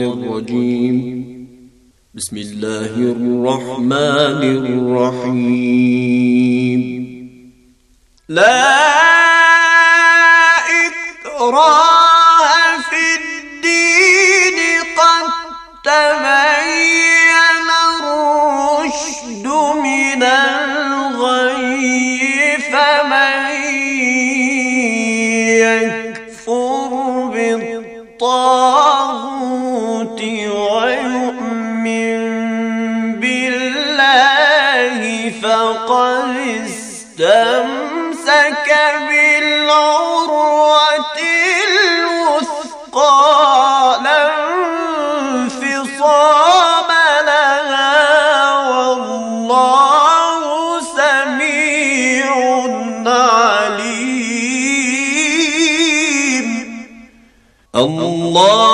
الرجيم بسم الله الرحمن الرحيم لا إكراه Allah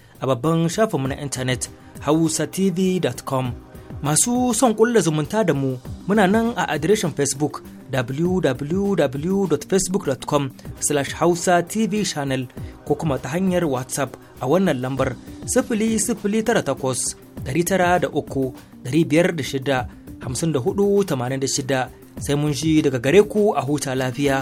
a babban shafinmu na intanet hausatv.com masu son kulla zumunta da mu muna nan a adireshin facebook www.facebook.com slash hausa tv channel ko kuma ta hanyar whatsapp a wannan lambar sifili sifili da takwas tara uku shida hamsin da hudu tamanin sai mun ji daga gare ku a huta lafiya.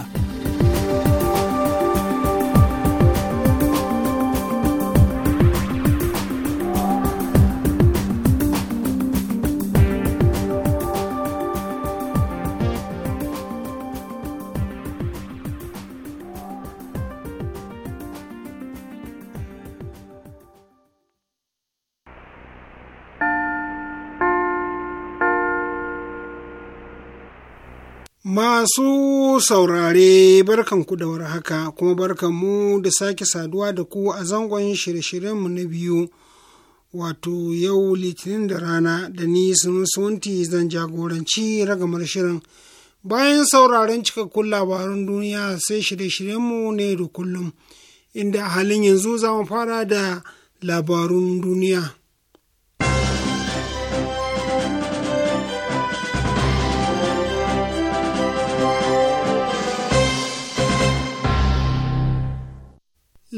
Masu saurare barkanku da haka kuma barkanmu da sake saduwa da ku a zangon shirye-shiryenmu na biyu wato yau litinin da rana da ni sunti zan jagoranci ragamar shirin bayan sauraren cikakkun labaran duniya sai shirye-shiryenmu ne da kullum inda a halin yanzu za mu fara da labarun duniya.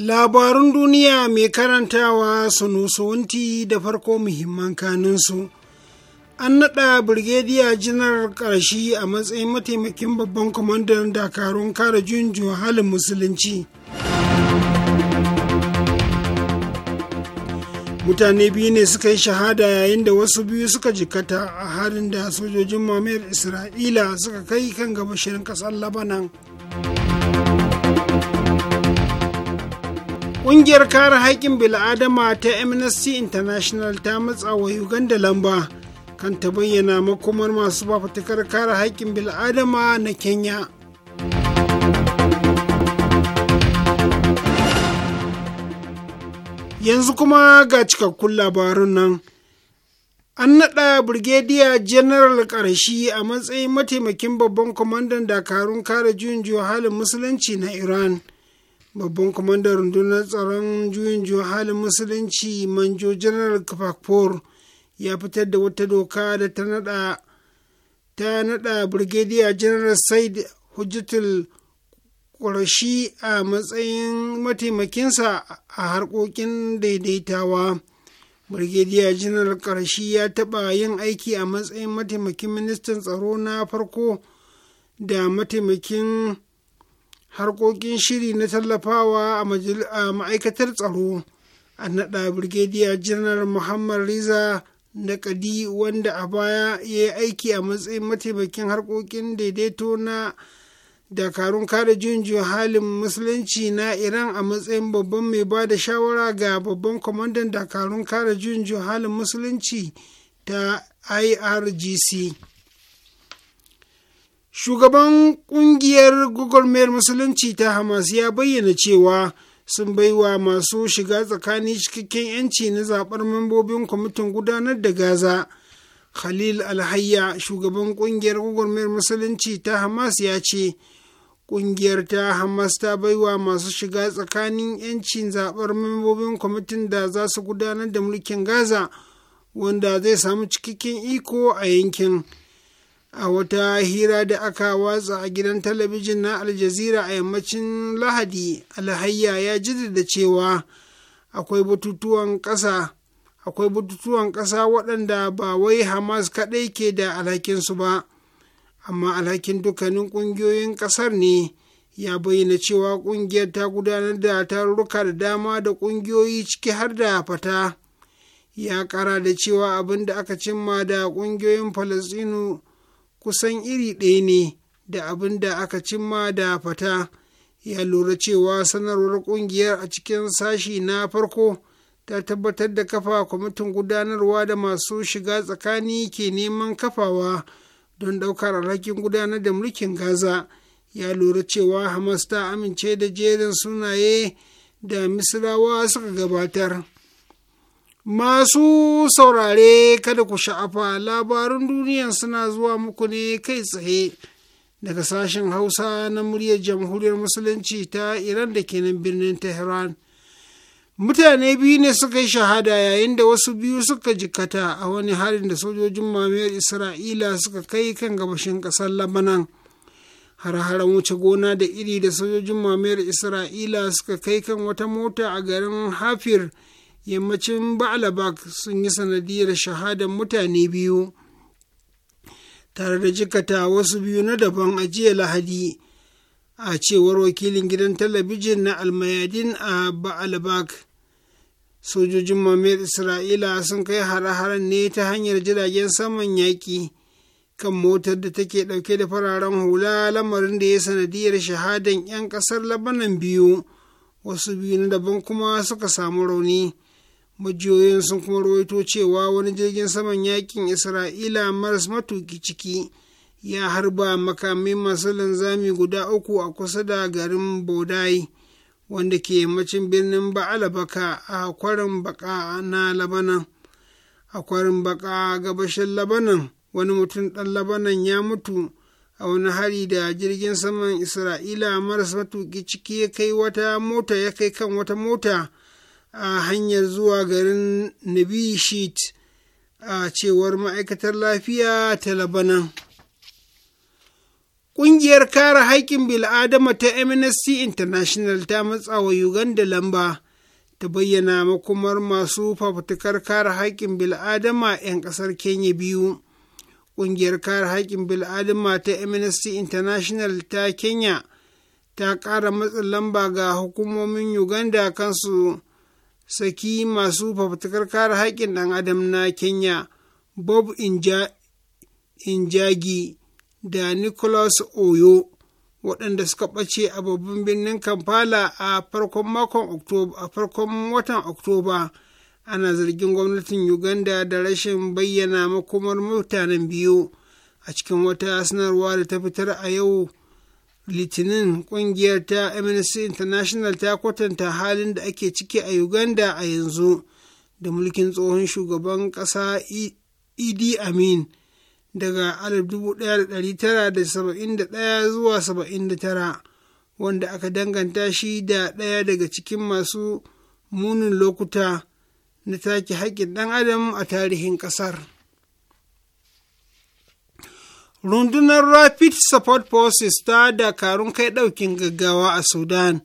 Labarun duniya mai karantawa sunusuwanti da farko muhimman kaninsu. An naɗa Birgediya Janar ƙarshe a matsayin mataimakin babban kwamandan dakarun kare junjun halin musulunci. Mutane biyu ne suka yi shahada yayin da wasu biyu suka jikata a harin da sojojin mamayar Isra'ila suka kai kan gabashin ƙasar Labanan. Ƙungiyar kare haƙƙin bil'adama ta Amnesty International ta matsa wa Uganda lamba kan ta bayyana makomar masu fafutukar kare haƙƙin bil'adama na Kenya. Yanzu kuma ga cikakkun labarun nan. An naɗa Birgediya General ƙarshe a matsayin mataimakin babban kwamandan dakarun kare juyin halin musulunci na Iran. babban kwamandan rundunar tsaron juyin juyin halin musulunci manjo general kafakfor ya fitar da wata doka da ta nada ta nada brigadier general said hujjatul ƙwarashi a matsayin mataimakinsa a harkokin daidaitawa brigadier general ƙarashi ya taɓa yin aiki a matsayin mataimakin ministan tsaro na farko da mataimakin harkokin shiri na tallafawa a ma'aikatar tsaro a naɗa birgediya janar muhammad riza na kadi wanda a baya ya yi aiki a matsayin mataimakin harkokin daidaito na dakarun kare junjin halin musulunci na iran a matsayin babban mai ba da shawara ga babban kwamandan dakarun kare junju halin musulunci ta irgc shugaban kungiyar mail musulunci ta hamas ya bayyana cewa sun baiwa masu shiga tsakani cikakken yanci na zaɓar mambobin kwamitin gudanar da gaza khalil alhayya shugaban kungiyar mail musulunci ta hamas ya ce kungiyar ta hamas ta baiwa masu shiga tsakanin yancin zaɓar mambobin kwamitin da za su gudanar da mulkin gaza wanda zai samu cikakken iko a yankin. a wata hira da aka watsa a gidan talabijin na aljazira a yammacin lahadi alhayya ya da cewa akwai bututuwan ƙasa akwai batutuwan ƙasa waɗanda ba wai hamas kaɗai ke da alhakinsu ba amma alhakin dukkanin ƙungiyoyin ƙasar ne ya bayyana cewa ƙungiyar ta gudanar da tarurruka da dama da ƙungiyoyi ciki har da fata ya ƙara da cewa abin da aka cimma da ƙungiyoyin falasɗinu kusan iri ɗaya ne da abin da aka cimma da fata ya lura cewa sanarwar ƙungiyar a cikin sashi na farko ta tabbatar da kafa kwamitin gudanarwa da masu shiga tsakani ke neman kafawa don ɗaukar alhakin gudanar da mulkin gaza ya lura cewa hamas ta amince da jerin sunaye da misrawa suka gabatar Masu saurare kada ku sha'afa labarin duniya suna zuwa muku ne kai tsaye daga sashen Hausa na muryar Jamhuriyar Musulunci ta Iran da ke nan birnin Tehran. Mutane biyu ne suka yi shahada yayin da wasu biyu suka jikata a wani harin da sojojin mamayar Isra'ila suka kai kan gabashin ƙasar Labanan. har-haren wuce gona da iri da sojojin mamayar Isra'ila suka kai kan wata mota a garin Hafir. yammacin ba'alabak sun yi sanadiyar shahadar mutane biyu tare da jikata wasu biyu na daban a jiya lahadi a cewar wakilin gidan talabijin na almayadin a ba'alabak sojojin mamayar isra'ila sun kai hare-haren ne ta hanyar jiragen saman yaƙi kan motar da take ɗauke da fararen hula lamarin da ya sanadiyar shahadan 'yan ƙasar labanan biyu wasu biyu na daban kuma suka samu rauni. majiyoyin sun kuma rawaito cewa wani jirgin saman yakin isra'ila maras matuki ciki ya harba makamai masu linzami guda uku a kusa da garin bodai wanda ke yammacin birnin baka a kwarin baka na labanan a kwarin baka gabashin labanan wani mutum ɗan labanan ya mutu a wani hari da jirgin saman isra'ila maras matuki ciki ya kai wata mota ya kai kan wata mota a hanyar zuwa garin nabishit a cewar ma'aikatar lafiya ta labanan Ƙungiyar kare haƙƙin bil'adama ta Amnesty International ta matsa wa Uganda lamba ta bayyana makomar masu fafutukar kare haƙƙin bil'adama 'yan ƙasar Kenya biyu. Ƙungiyar kare haƙƙin bil'adama ta Amnesty International ta Kenya ta ƙara matsin lamba ga hukumomin Uganda kansu saki masu fafutukar kare haƙƙin ɗan adam na kenya bob injagi da nicholas oyo waɗanda suka ɓace a babban birnin kampala a farkon makon oktoba a farkon watan oktoba ana zargin gwamnatin uganda da rashin bayyana makomar mutanen biyu a cikin wata sanarwa da ta fitar a yau litinin kungiyar ta amnesty international ta kwatanta halin da ake ciki a uganda a yanzu da mulkin tsohon shugaban ƙasa e-, idi amin daga 1971 zuwa 79 wanda aka danganta shi da ɗaya daga cikin masu munin lokuta na take haƙƙin ɗan adam a tarihin ƙasar. rundunar rapid support forces ta dakarun kai ɗaukin gaggawa a sudan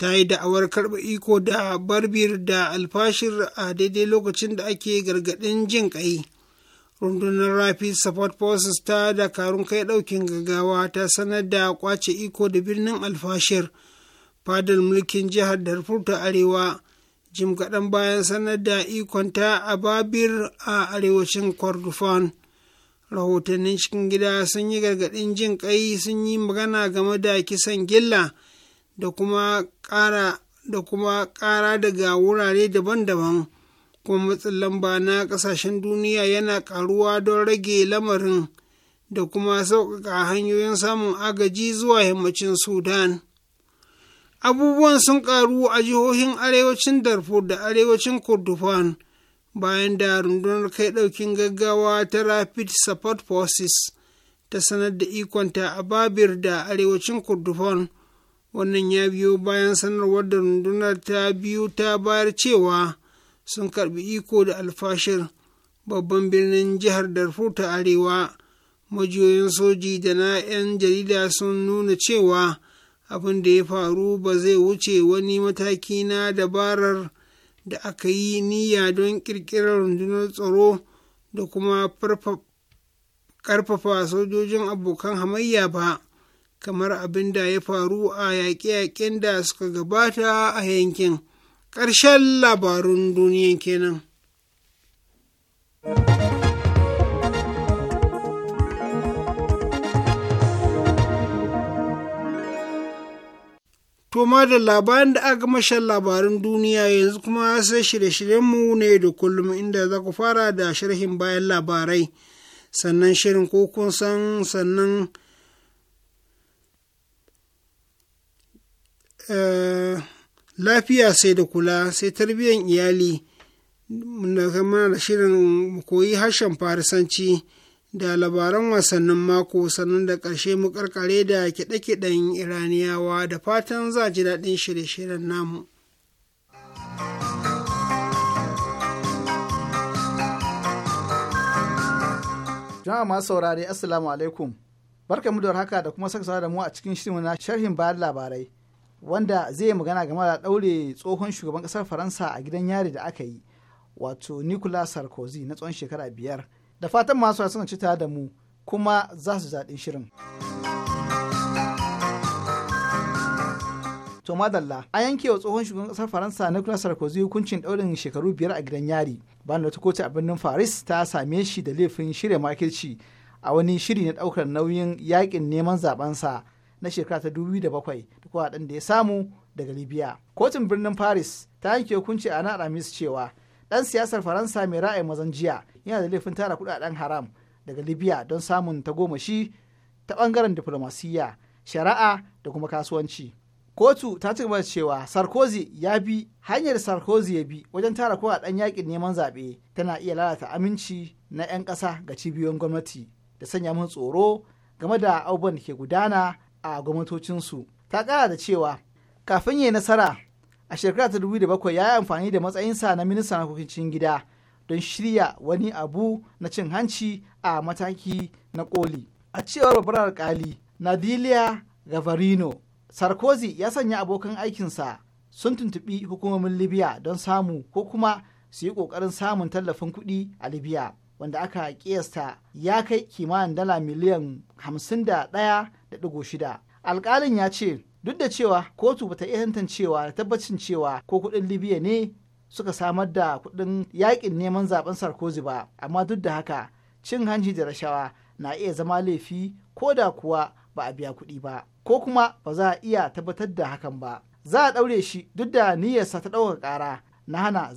ta yi da'awar karɓa iko da barbir da alfashir a daidai lokacin da ake gargaɗin jin ƙai rundunar rapid support forces ta dakarun kai ɗaukin gaggawa ta sanar da kwace iko da birnin alfashir fadar mulkin jihar darfur ta arewa jim kaɗan bayan sanar da ikonta a babir a arewacin kordofan rahotannin cikin gida sun yi gargaɗin jin ƙai sun yi magana game da kisan gilla da kuma ƙara daga wurare daban-daban kuma matsin lamba na ƙasashen duniya yana ƙaruwa don rage lamarin da kuma sauƙaƙa hanyoyin samun agaji zuwa yammacin sudan abubuwan sun ƙaru a jihohin arewacin darfur da arewacin kurdufan bayan da rundunar kai ɗaukin gaggawa ta rapid support forces ta sanar da ikonta a babir da arewacin kurdufon wannan ya biyo bayan sanarwar da rundunar ta biyu ta bayar cewa sun karbi iko da alfashir babban birnin jihar darfur ta arewa majiyoyin soji da na 'yan jarida sun nuna cewa abin da ya faru ba zai wuce wani mataki na dabarar da aka yi niyya don ƙirƙirar rundunar tsaro da kuma ƙarfafa sojojin abokan hamayya ba kamar abin da ya faru a yaƙe-yaƙen da suka gabata a yankin ƙarshen labarun duniyan kenan. To da labarin da aka mashan labarin duniya yanzu kuma sai shirye-shiryenmu ne da kullum inda za ku fara da sharhin bayan labarai sannan shirin ko kun san sannan eh, lafiya sai da kula sai tarbiyyar iyali da kama da shirin koyi harshen farisanci da labaran wasannin mako sannan da ƙarshe mu karkare da kiɗe-kiɗen iraniyawa da fatan za ji daɗin shirye-shiryen namu. jama'a masu saurare assalamu alaikum barka mu da haka da kuma saka da mu a cikin shirin na sharhin bayan labarai wanda zai magana game da ɗaure tsohon shugaban ƙasar faransa a gidan yari da aka yi wato nicolas sarkozy na tsawon shekara biyar da fatan masu sun ci tare da mu kuma za su zaɗi shirin. to madalla a yanke wa tsohon shugaban kasar faransa nicolas sarkozy hukuncin ɗaurin shekaru biyar a gidan yari bayan da kotu a birnin paris ta same shi da laifin shirya makirci a wani shiri na ɗaukar nauyin yakin neman zabensa na shekara ta 2007 da kuwa da ya samu daga libya kotun birnin paris ta yanke hukunci a alhamis cewa dan siyasar faransa mai ra'ayin mazan jiya yana da laifin tara kudaden haram daga libya don samun ta tagomashi ta bangaren diflomasiyya shari'a da kuma kasuwanci kotu ta ci gaba cewa sarkozy ya bi hanyar sarkozy ya bi wajen tara kudaden yakin neman zaɓe tana iya lalata aminci na 'yan ƙasa ga cibiyoyin gwamnati da sanya mun tsoro game da abubuwan da ke gudana a gwamnatocinsu ta ƙara da cewa kafin ya nasara a shekara ta bakwai, ya yi amfani da matsayinsa na ministan harkokin cikin gida don shirya wani abu na cin hanci a mataki na koli a cewar babbar alkali nadilia gavarino sarkozy ya sanya abokan aikinsa sun tuntuɓi hukumomin libya don samu ko kuma su yi ƙoƙarin samun tallafin kuɗi a libya wanda aka kiyasta ya kai kimanin dala miliyan 51.6 alkalin ya ce duk da cewa kotu ba ta iya cewa da tabbacin cewa ko kudin libya ne suka samar da kudin yakin neman zaben sarkozy ba amma duk da haka cin hanci da rashawa na iya zama laifi ko da kuwa ba a biya kuɗi ba ko kuma ba za a iya tabbatar da hakan ba za a ɗaure shi duk da niyyarsa ta ɗauka kara na hana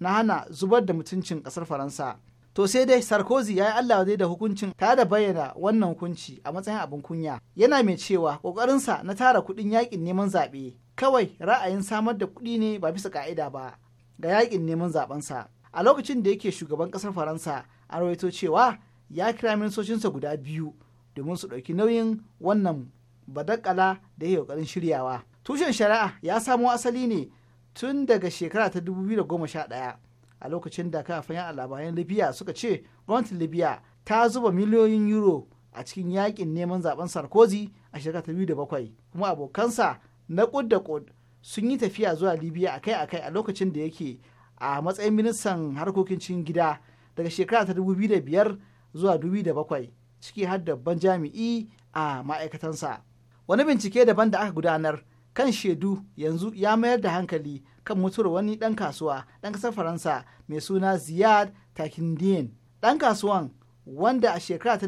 na hana zubar da mutuncin ƙasar faransa to sai dai sarkozy ya yi allah zai da hukuncin ta da bayyana wannan hukunci a matsayin abin kunya yana mai cewa kokarinsa na tara kuɗin yakin neman zaɓe kawai ra'ayin samar da kuɗi ne ba bisa ƙa'ida ba ga yaƙin neman zaɓensa a lokacin da yake shugaban ƙasar faransa an rawaito cewa ya kira ministocinsa guda biyu domin su ɗauki nauyin wannan badakala da ya ƙoƙarin shiryawa tushen shari'a ya samo asali ne tun daga shekara ta 2011 a lokacin da kafin a labaran libya suka ce gwamnatin libya ta zuba miliyoyin euro a cikin yakin neman zaben sarkozy a shekara ta biyu da bakwai kuma abokansa na kud da kud sun yi tafiya zuwa libya akai-akai a lokacin da yake a matsayin ministan harkokin cikin gida daga shekara ta dubu biyu da biyar zuwa dubu da bakwai ciki har ban jami'i a ma'aikatansa wani bincike daban da aka gudanar kan shaidu yanzu ya mayar da hankali kan mutuwar wani ɗan kasuwa ɗan ƙasar faransa mai suna ziyad takindiyen ɗan kasuwan wanda a shekara ta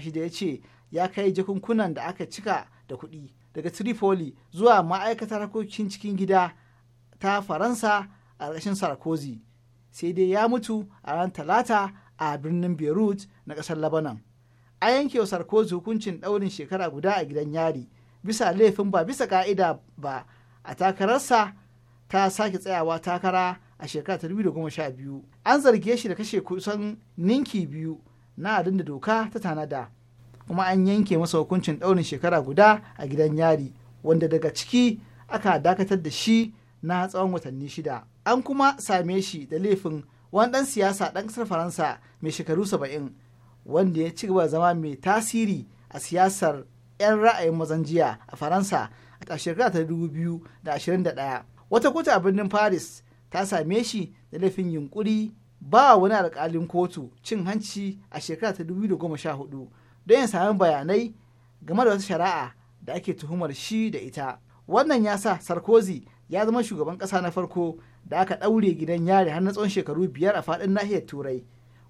shida ya ce ya kai jakunkunan da aka cika da kuɗi daga tripoli zuwa ma'aikatar harkokin cikin gida ta faransa a ƙarshen sarkozy sai dai ya mutu a ran talata a birnin beirut na ƙasar labanan a yankewa sarkozy hukuncin ɗaurin shekara guda a gidan yari bisa laifin ba bisa ka'ida ba a takararsa ta sake tsayawa takara a shekarar 2012 an zarge shi da kashe kusan ninki biyu na adin da doka ta tanada kuma an yanke masa hukuncin daurin shekara guda a gidan yari wanda daga ciki aka dakatar da shi na tsawon watanni shida an kuma same shi da laifin wani dan siyasa ɗan ƙasar faransa mai shekaru saba'in wanda ya ci gaba zama mai tasiri a siyasar 'yan ra'ayin mazan jiya a faransa a shekara ta 2021 wata kotu a birnin paris ta same shi da laifin yunkuri ba wani alkalin kotu cin hanci a shekara ta 2014 don yin sami bayanai game da wata shari'a da ake tuhumar shi da ita wannan ya sa sarkozy ya zama shugaban ƙasa na farko da aka ɗaure gidan yari har na tsawon shekaru biyar a faɗin nahiyar turai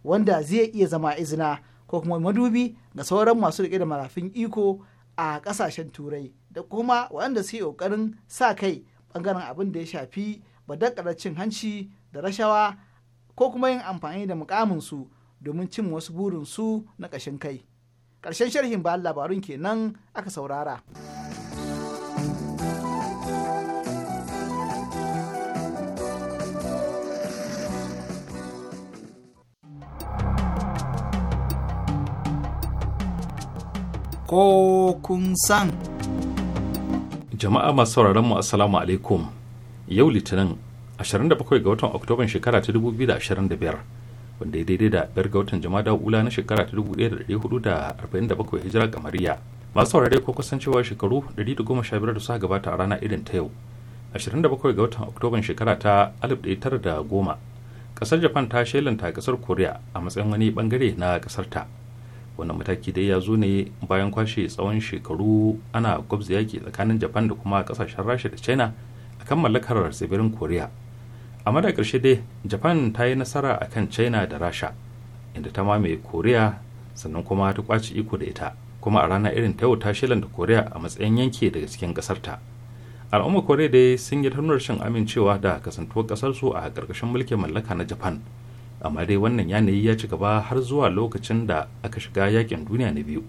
wanda zai iya zama izina ko kuma madubi ga sauran masu rike da marafin iko a ƙasashen turai da kuma waɗanda suke ƙoƙarin sa kai bangaren abin da ya shafi badakarar cin hanci da rashawa ko kuma yin amfani da mukaminsu domin cin wasu burinsu na ƙashin kai ƙarshen sharhin ba labarun kenan aka saurara. ko kun san. jama'a masu sauraron mu assalamu alaikum yau litinin 27 ga watan oktoban shekara ta 2025 wanda ya daidai da biyar ga watan jama'a ula na shekara ta 1447 hijira kamariya masu saurare ko kusancewa shekaru 115 da suka gabata a rana irin ta yau 27 ga watan oktoban shekara ta 1910 kasar japan ta shelanta kasar korea a matsayin wani bangare na kasar ta wannan mataki dai ya zo ne bayan kwashe tsawon shekaru ana gwabza yaki tsakanin japan da kuma kasashen rasha da china akan mallakar tsibirin koriya amma da ƙarshe dai japan ta yi nasara a kan china da rasha inda ta mamaye koriya sannan kuma ta kwaci iko da ita kuma a rana irin ta yau ta da koriya a matsayin yanki daga cikin ƙasarta al'umma koriya dai sun yi ta rashin amincewa da kasantuwar ƙasarsu a ƙarƙashin mulkin mallaka na japan amma dai wannan yanayi ya ci gaba har zuwa lokacin da aka shiga yakin duniya na biyu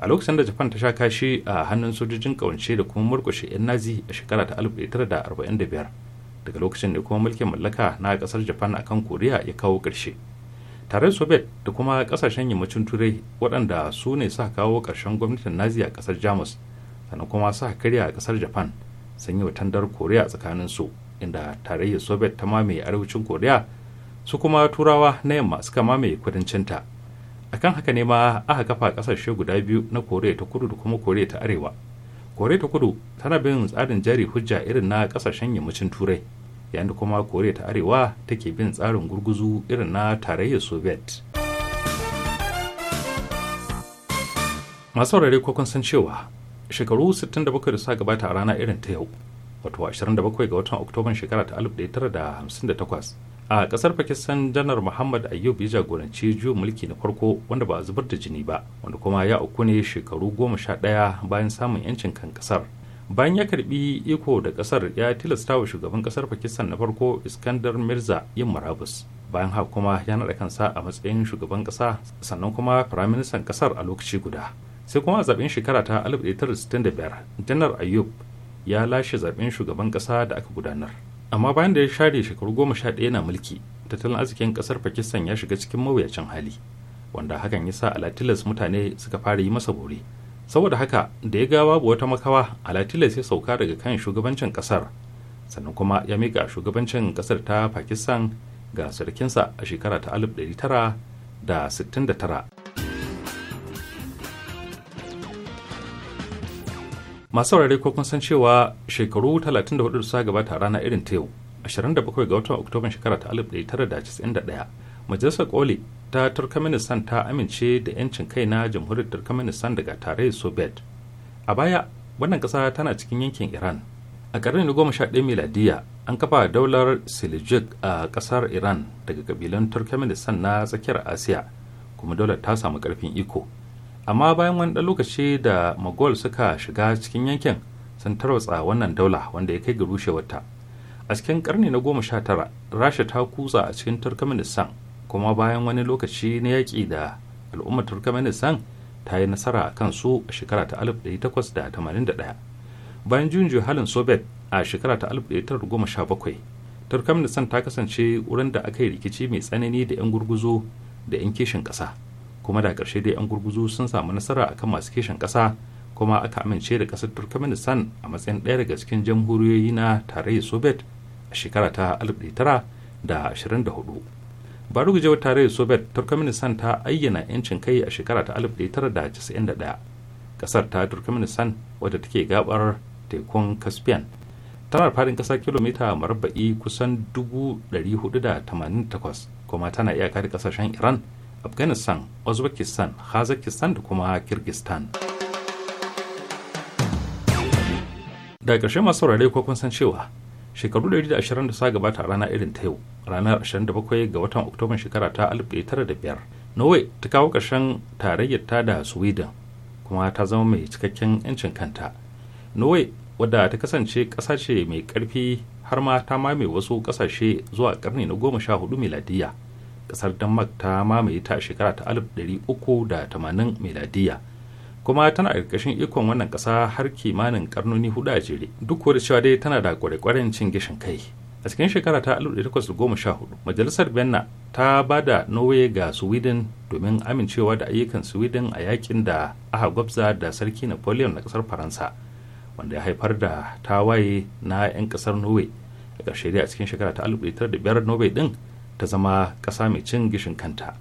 a lokacin da japan ta sha kashi a hannun sojojin kawance da kuma murkushe 'yan nazi a shekara ta 1945 daga lokacin da kuma mulkin mallaka na kasar japan a kan koriya ya kawo ƙarshe tare soviet da kuma kasashen yammacin turai waɗanda su ne sa kawo ƙarshen gwamnatin nazi a kasar jamus sannan kuma sa karya a kasar japan sun yi wa tandar koriya tsakanin su inda tarayyar soviet ta mamaye arewacin koriya su kuma turawa na yamma suka mamaye kudancinta akan haka ne ma aka kafa kasashe guda biyu na koriya ta kudu da kuma koriya ta arewa kore ta kudu tana bin tsarin jari hujja irin na kasashen yammacin turai yayin da kuma koriya ta arewa take bin tsarin gurguzu irin na tarayyar soviet masu saurare ko san cewa shekaru 67 da suka gabata a rana irin ta yau wato 27 ga watan oktoban shekara ta 1958 a kasar pakistan janar muhammad ayyub ya jagoranci juyin mulki na farko wanda ba a zubar da jini ba wanda kuma ya auku ne shekaru goma sha ɗaya bayan samun yancin kan kasar bayan ya karbi iko da kasar ya tilasta wa shugaban kasar pakistan na farko iskandar mirza yin marabus bayan haka kuma ya naɗa kansa a matsayin shugaban kasa sannan kuma firaministan kasar a lokaci guda sai kuma a zaɓen shekara ta 1965 janar ayyub ya lashe zaɓen shugaban kasa da aka gudanar amma bayan da ya share shekaru goma sha ɗaya na mulki tattalin arzikin ƙasar pakistan ya shiga cikin mawuyacin hali wanda hakan ya sa alatilas mutane suka fara yi masa bore saboda haka da ya ga babu wata makawa alatilas ya sauka daga kan shugabancin ƙasar sannan kuma ya mika shugabancin ƙasar ta pakistan ga sarkinsa a shekara ta 1969 masu saurare ko kun san cewa shekaru 34 da suka gabata a rana irin ta yau 27 ga watan oktoban shekara ta 1991 majalisar koli ta turkmenistan ta amince da yancin kai na jamhuriyar turkmenistan daga tarayyar soviet a baya wannan kasa tana cikin yankin iran a ƙarni na goma sha miladiya an kafa daular seljuk a ƙasar iran daga kabilan turkmenistan na tsakiyar asiya kuma daular ta samu ƙarfin iko amma bayan wani ɗan lokaci da magol suka shiga cikin yankin sun tarwatsa wannan daula wanda ya kai ga rushewarta a cikin karni na goma sha tara rasha ta kutsa a cikin turkmenistan kuma bayan wani lokaci na yaƙi da al'ummar turkmenistan ta yi nasara a kan su a shekara ta 1881 bayan juyin halin soviet a shekara ta 1917 turkmenistan ta kasance wurin da aka yi rikici mai tsanani da 'yan gurguzo da 'yan kishin ƙasa kuma da ƙarshe dai 'yan gurguzu sun samu nasara akan masu kishin ƙasa kuma aka amince da ƙasar turkmenistan a matsayin ɗaya daga cikin jamhuriyoyi na tarayyar soviet a shekara ta 1924 barugujewar tarayyar soviet turkmenistan ta ayyana 'yancin kai a shekara ta 1991 ƙasar ta turkmenistan wadda take gabar tekun caspian tana faɗin ƙasa kilomita marabba'i kusan 488 kuma tana iyaka da ƙasashen iran afghanistan uzbekistan kazakistan da kuma kirgistan da ƙarshe masu saurare ko kun san cewa shekaru 120 da sa gabata rana irin ta yau ranar 27 ga watan oktoban shekara ta 1905 norway ta kawo ƙarshen tarayyar ta da sweden kuma ta zama mai cikakken 'yancin kanta norway wadda ta kasance ƙasa ce mai ƙarfi har ma ta mame wasu ƙasashe zuwa ƙarni na goma sha hudu miladiyya kasar denmark ta mamaye ta shekara ta 1380 meladiya kuma tana a ƙarƙashin ikon wannan ƙasa har kimanin karnoni hudu a jere duk da cewa dai tana da kwarekwaren cin gishin kai a cikin shekara ta 1814 majalisar benna ta ba da norway ga sweden domin amincewa da ayyukan sweden a yakin da aka gwabza da sarki napoleon na ƙasar faransa wanda ya haifar da tawaye na 'yan kasar norway a ƙarshe dai a cikin shekara ta 1905 norway din ta zama ƙasa mai cin gishin kanta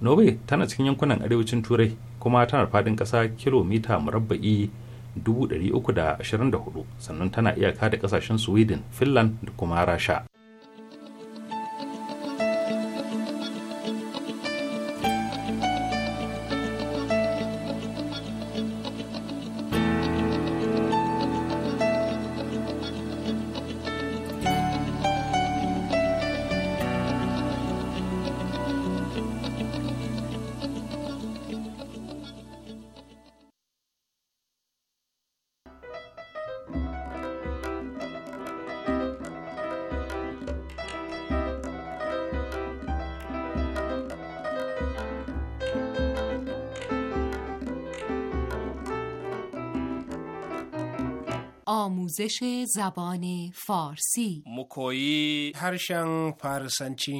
norway tana cikin yankunan arewacin turai kuma tana faɗin ƙasa kilomita murabba'i 324 sannan tana iyaka da ƙasashen sweden finland da kuma rasha آموزش زبان فارسی مکویی هرشن فارسنچی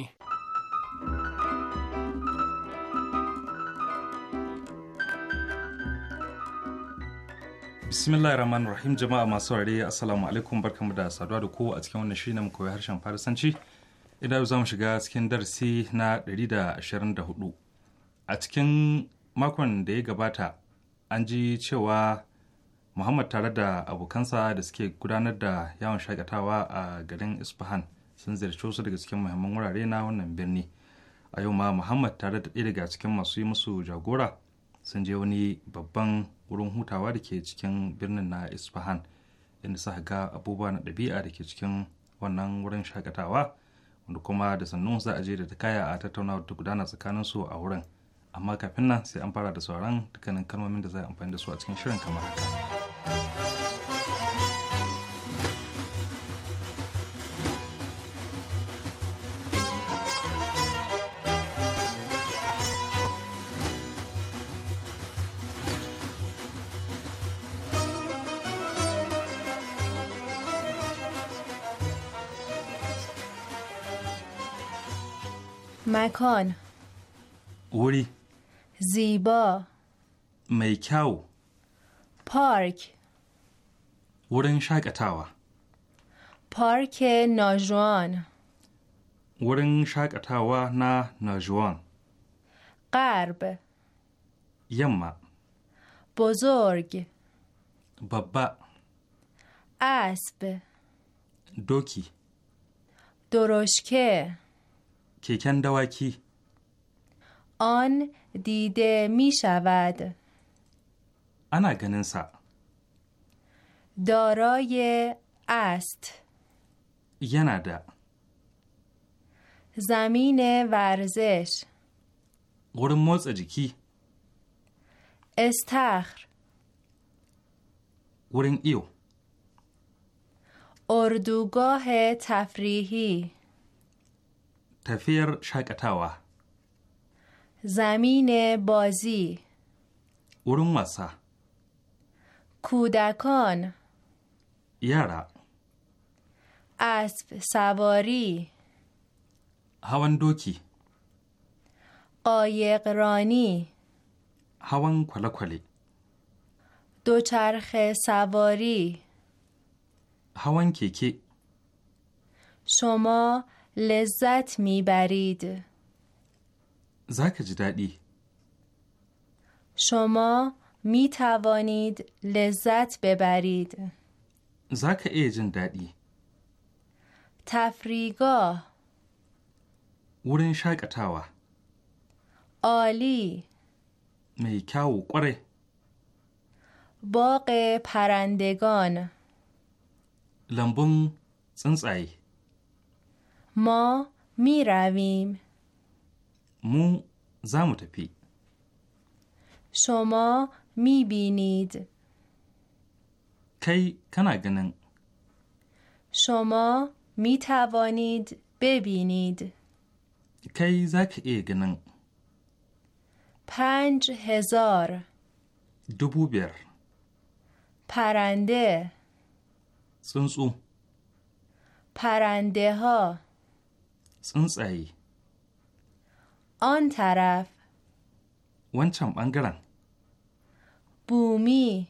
bismillahir rahman rahim jama'a masu ware assalamu alaikum barkamu da saduwa da ku a cikin wannan shiri na mu koyi harshen farisanci idan za mu shiga cikin darasi na da 124 a cikin makon da ya gabata an ji cewa muhammad tare da abokansa da suke gudanar da yawon shakatawa a garin isfahan sun ziyarci su daga cikin muhimman wurare na wannan birni a yau ma muhammad tare da ɗaya daga cikin masu yi musu jagora sun je wani babban wurin hutawa da ke cikin birnin na isfahan inda sa ga abubuwa na ɗabi'a da ke cikin wannan wurin shakatawa wanda kuma da sannu za a je da ta kaya a tattaunawa ta gudana tsakanin su a wurin amma kafin nan sai an fara da sauran dukkanin kalmomin da za a amfani da su a cikin shirin kamar haka. مکان اوری زیبا میکاو پارک wurin shakatawa Parke Najwan wurin shakatawa na Najwan garb yamma Bozorg Baba Asp Doki Doroshke Keken dawaki آن دیده می شود. آنا گنن دارای است یندا زمین ورزش قرموز اجیکی استخر قرن ایو اردوگاه تفریحی تفیر شاکتاوا زمین بازی اورن ماسا. کودکان یارا اسب سواری هوان دوکی قایق رانی هوان کلکلی دوچرخه سواری هوان کیکی شما لذت میبرید زاک جدادی شما می توانید لذت ببرید زاک ایجن دادی تفریگا ورن شاکتاوا عالی می کاو قره باغ پرندگان لمبون تسنسای ما می رویم مو زمو تپی شما می بینید کی کنا گنن شما می توانید ببینید کی زک ای گنن پنج هزار دوبوبر پرنده سنسو پرنده ها ای آن طرف wancan ɓangaren. بومی.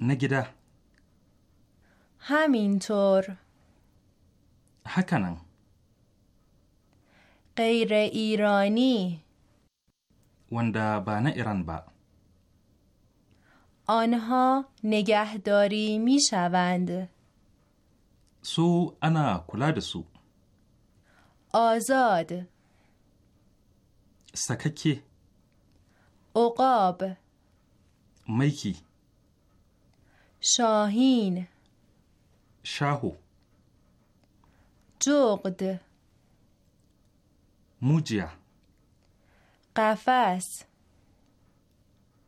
نگیده همینطور هکنن غیر ایرانی وندا بانه ایران با آنها نگهداری می شوند سو انا کلاد سو آزاد سککی اقاب میکی شاهین شاهو جغد موجیا قفس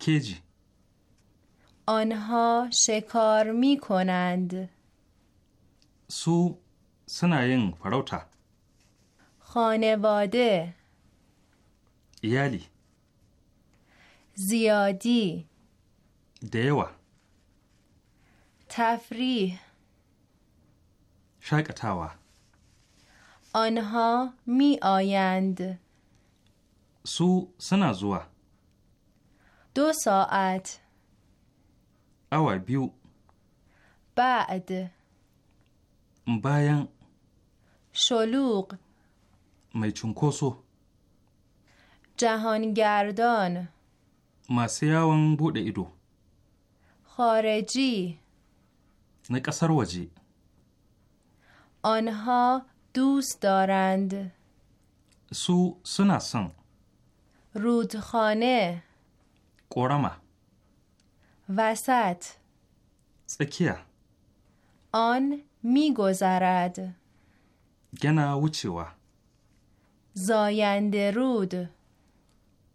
کجی آنها شکار می کنند سو سناین فروتا خانواده یالی زیادی دیوه تفریح شاکتاوا آنها می آیند سو سنازوا دو ساعت اول بیو بعد باین شلوغ mai cunkoso. جهانگردان masu بود ایدو خارجی na آنها دوست دارند. سو سناسن رودخانه. قرمه وسط. سکیه. آن میگذرد. گنا وچیوا. زاینده رود.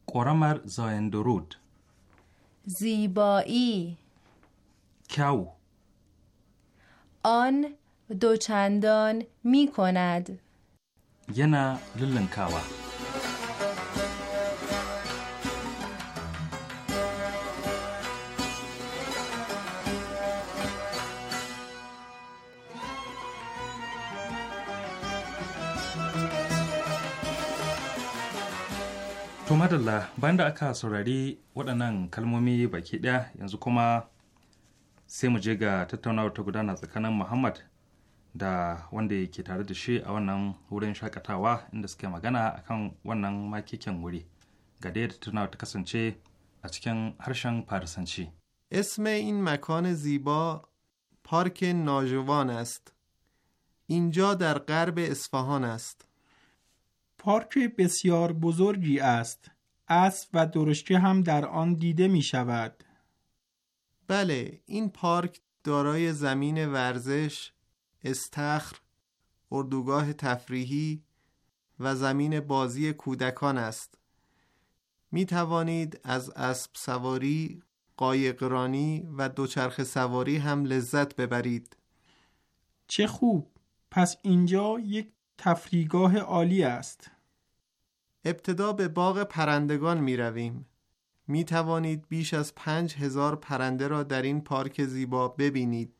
قرمر زاینده رود. زیبایی. کاو. آن دوچندان می کند ینا للنکاوا To madalla bayan aka saurari waɗannan kalmomi baki ɗaya yanzu kuma sai mu je ga tattaunawa ta gudana tsakanin muhammad da wanda yake tare da shi a wannan wurin shakatawa inda suke magana akan wannan makikin wuri ga da tattaunawa ta kasance a cikin harshen farisanci اسم این مکان زیبا پارک ناژوان است اینجا در غرب اصفهان است پارک بسیار بزرگی است اسب و درشکه هم در آن دیده می شود بله این پارک دارای زمین ورزش، استخر، اردوگاه تفریحی و زمین بازی کودکان است. می توانید از اسب سواری، قایقرانی و دوچرخ سواری هم لذت ببرید. چه خوب! پس اینجا یک تفریگاه عالی است. ابتدا به باغ پرندگان می رویم. می توانید بیش از پنج هزار پرنده را در این پارک زیبا ببینید.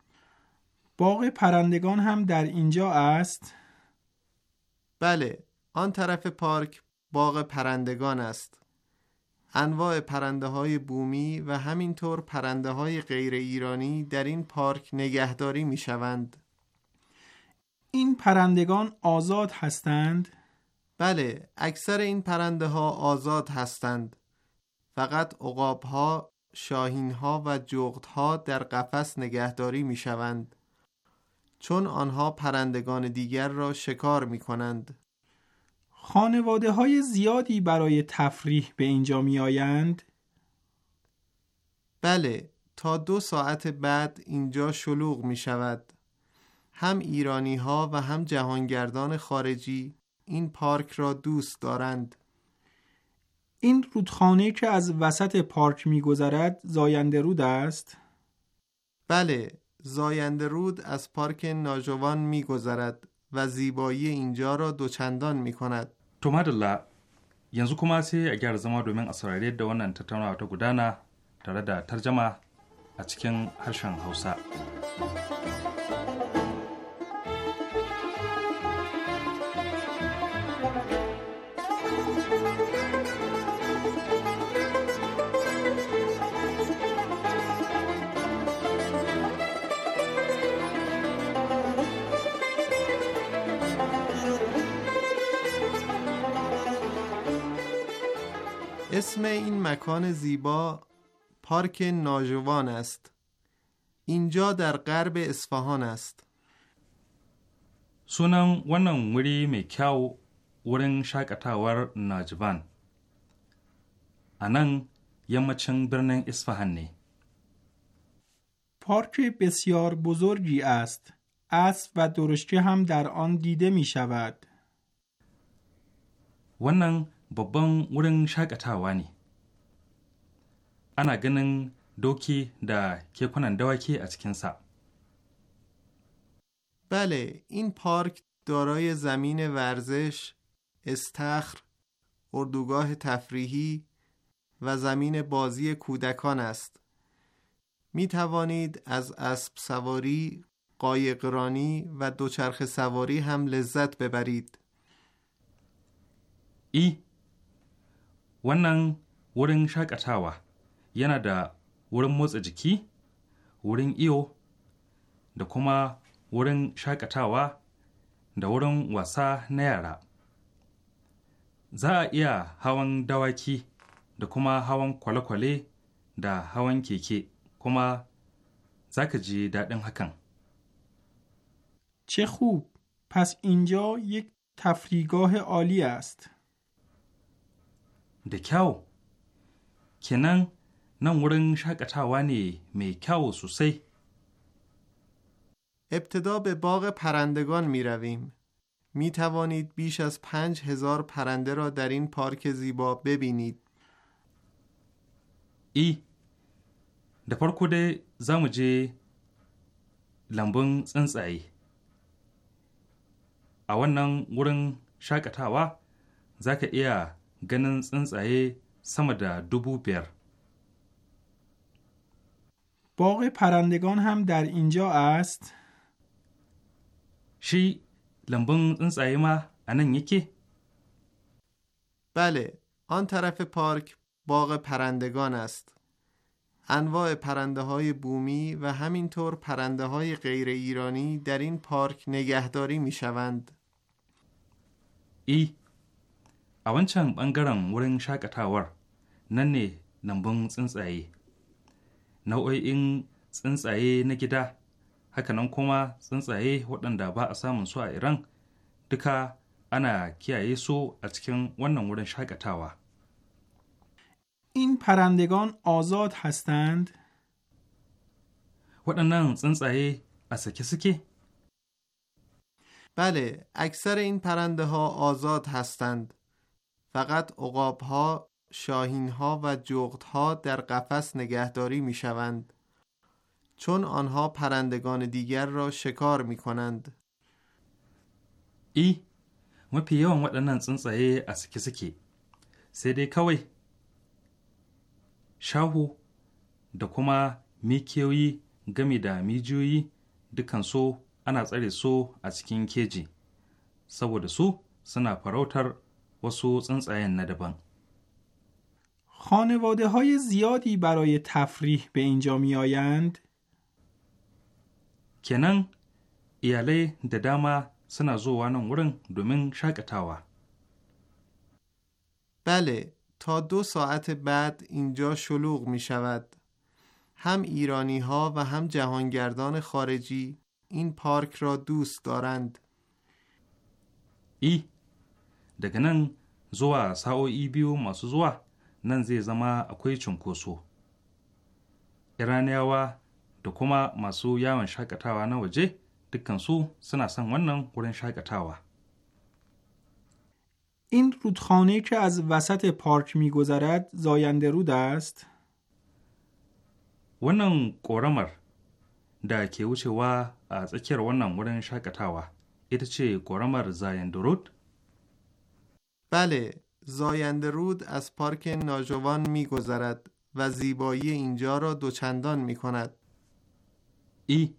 باغ پرندگان هم در اینجا است؟ بله، آن طرف پارک باغ پرندگان است. انواع پرنده های بومی و همینطور پرنده های غیر ایرانی در این پارک نگهداری می شوند. این پرندگان آزاد هستند؟ بله، اکثر این پرنده ها آزاد هستند. فقط اقاب ها شاهین ها و جغد ها در قفس نگهداری می شوند چون آنها پرندگان دیگر را شکار می کنند خانواده های زیادی برای تفریح به اینجا می آیند؟ بله تا دو ساعت بعد اینجا شلوغ می شود هم ایرانی ها و هم جهانگردان خارجی این پارک را دوست دارند این رودخانه که از وسط پارک میگذرد زاینده رود است؟ بله، زاینده رود از پارک ناجوان میگذرد و زیبایی اینجا را دوچندان می کند. تومد الله، ینزو کما اگر زمان دومین اسرائیلی دوان انتتانو آتا گدانا تره در ترجمه اچکن هرشان حوصا. Thank اسم این مکان زیبا پارک ناجوان است اینجا در غرب اصفهان است سونم ونن وری می کیاو ورن شاکتاور ناجوان انن یمچن برنن اصفهان نه پارک بسیار بزرگی است اسب و درشکه هم در آن دیده می شود ونن babban wurin shakatawa ne ana ganin doki da kekunan dawaki a cikinsa بله این پارک دارای زمین ورزش، استخر، اردوگاه تفریحی و زمین بازی کودکان است. می توانید از اسب سواری، قایقرانی و دوچرخه سواری هم لذت ببرید. ای wannan wurin shakatawa yana da wurin motsa jiki wurin iyo da kuma wurin shakatawa da wurin wasa na yara za a iya hawan dawaki da kuma hawan kwale-kwale da hawan keke kuma za ka ji daɗin hakan. چه خوب پس اینجا یک تفریگاه عالی da kyau kenan nan wurin shakatawa ne mai kyau sosai ابتدا به باغ پرندگان می رویم. می توانید بیش از پنج هزار پرنده را در این پارک زیبا ببینید. ای در پارکو ده زمو جه لنبون سنس ای. اوان نان گرن شاکتا وا زاکه ایا ganin tsuntsaye sama da dubu باغ پرندگان هم در اینجا است؟ شی لمبن انسای ما انن یکی؟ بله آن طرف پارک باغ پرندگان است انواع پرنده های بومی و همینطور پرنده های غیر ایرانی در این پارک نگهداری می شوند ای a wancan ɓangaren wurin shakatawar nan ne lambun tsuntsaye nau'o'in tsuntsaye na gida hakanan kuma tsuntsaye waɗanda ba a samun su a iran duka ana kiyaye su a cikin wannan wurin shakatawa In farandegon azad hastand waɗannan tsuntsaye a sake suke? بله، اکثر این پرنده ها آزاد هستند. فقط اقاب ها، شاهین ها و جغد ها در قفس نگهداری می شوند چون آنها پرندگان دیگر را شکار می کنند ای ما پیوان ودنن سنسایه از کسکی سیده کوی شاهو دکوما میکیوی گمی دا جوی. دکن سو انا سو از کین کیجی سو سو سنا پروتر wasu خانواده های زیادی برای تفریح به اینجا می آیند؟ کنن ایاله دداما سنا زوانان ورن دومین شاکتاوا بله تا دو ساعت بعد اینجا شلوغ می شود هم ایرانی ها و هم جهانگردان خارجی این پارک را دوست دارند ای daga nan zuwa sa'o'i biyu masu zuwa nan zai zama akwai cunkoso iraniyawa da kuma masu yawon shakatawa na waje dukkansu suna son wannan wurin shakatawa این رودخانه که از وسط پارک میگذرد زاینده رود است wannan ƙoramar da ke wucewa a tsakiyar wannan wurin shakatawa ita ce ƙoramar zayen road بله زاینده رود از پارک ناجوان میگذرد و زیبایی اینجا را دوچندان می کند ای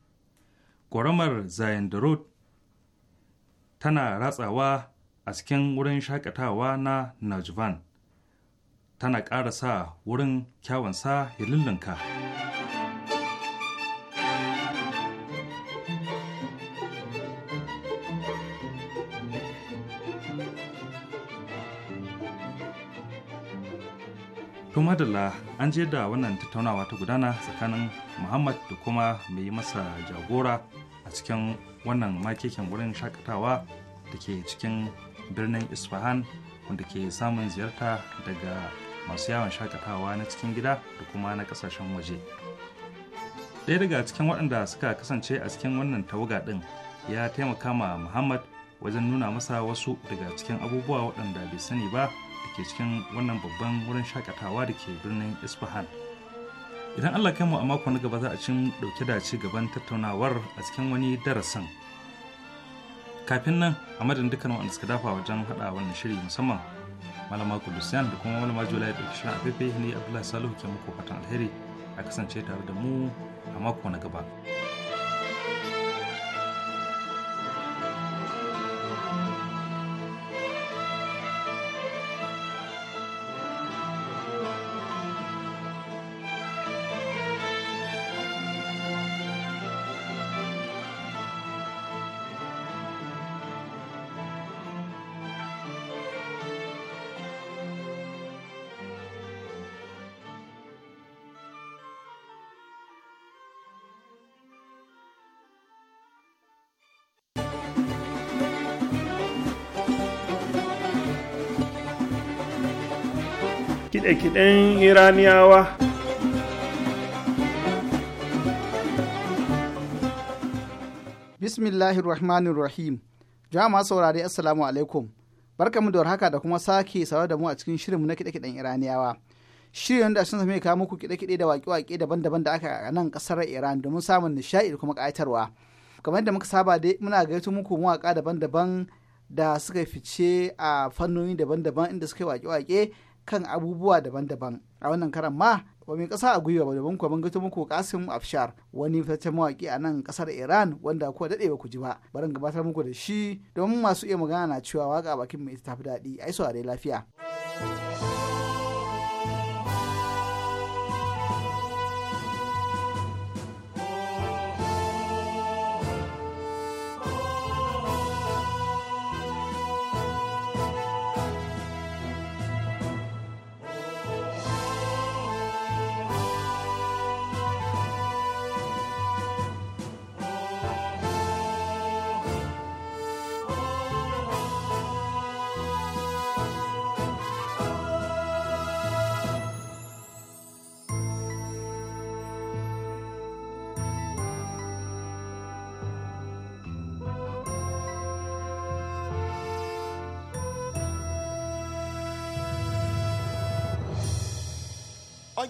گرامر زاینده رود تنا اوا از کن ورن تن نا ناجوان تنا قارسا ورن کیاونسا که. To madalla an je da wannan tattaunawa ta gudana tsakanin Muhammad da kuma mai masa jagora a cikin wannan makeken wurin shakatawa da ke cikin birnin Isfahan wanda ke samun ziyarta daga masu yawon shakatawa na cikin gida da kuma na kasashen waje. Ɗaya daga cikin waɗanda suka kasance a cikin wannan tawaga ɗin ya taimaka ma Muhammad wajen nuna masa wasu daga cikin abubuwa waɗanda bai sani ba ke cikin wannan babban wurin shakatawa da ke birnin isfahan idan allah kai mu a mako na gaba za a cin dauke da ci gaban tattaunawar a cikin wani darasin kafin nan a madadin dukkan wanda suka dafa wajen hada wannan shiri musamman malama kudusiyan da kuma malama julai da kishin afefe ne abdullahi salihu ke muku fatan alheri a kasance tare da mu a mako na gaba. kiɗe-kiɗen iraniyawa bismillahir rahmanir rahim jama'a saurari assalamu alaikum barkamu da warhaka da kuma sake saurare da mu a cikin shirinmu na kiɗe-kiɗen iraniyawa shirin da sun sami kawo muku kiɗe-kiɗe da waƙe-waƙe daban-daban da aka a nan ƙasar iran domin samun nishaɗi da kuma ƙayatarwa kamar yadda muka saba dai muna gaito muku mawaƙa daban-daban da suka fice a fannoni daban-daban inda suka yi waƙe-waƙe kan abubuwa daban-daban a wannan karan ma ba mai kasa a gwiwa ba domin kuwa mun gato muku kasim afshar wani fitaccen mawaki a nan kasar iran wanda kuwa daɗe ba ku ji ba barin gabatar muku da shi domin masu iya magana na cewa waka bakin mai ta fi daɗi ai saurari lafiya.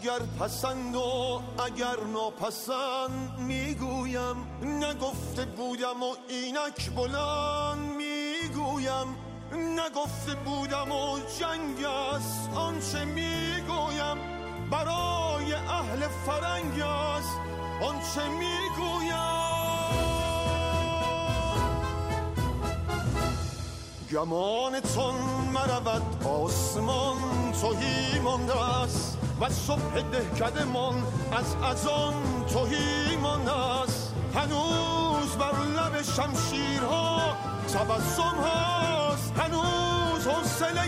اگر پسند و اگر ناپسند میگویم نگفته بودم و اینک بلند میگویم نگفته بودم و جنگ است آنچه میگویم برای اهل فرنگ است آنچه میگویم گمانتون مرود آسمان توهی مانده است و صبح من از از آن من است هنوز بر لب شمشیرها تبسم هست هنوز حسله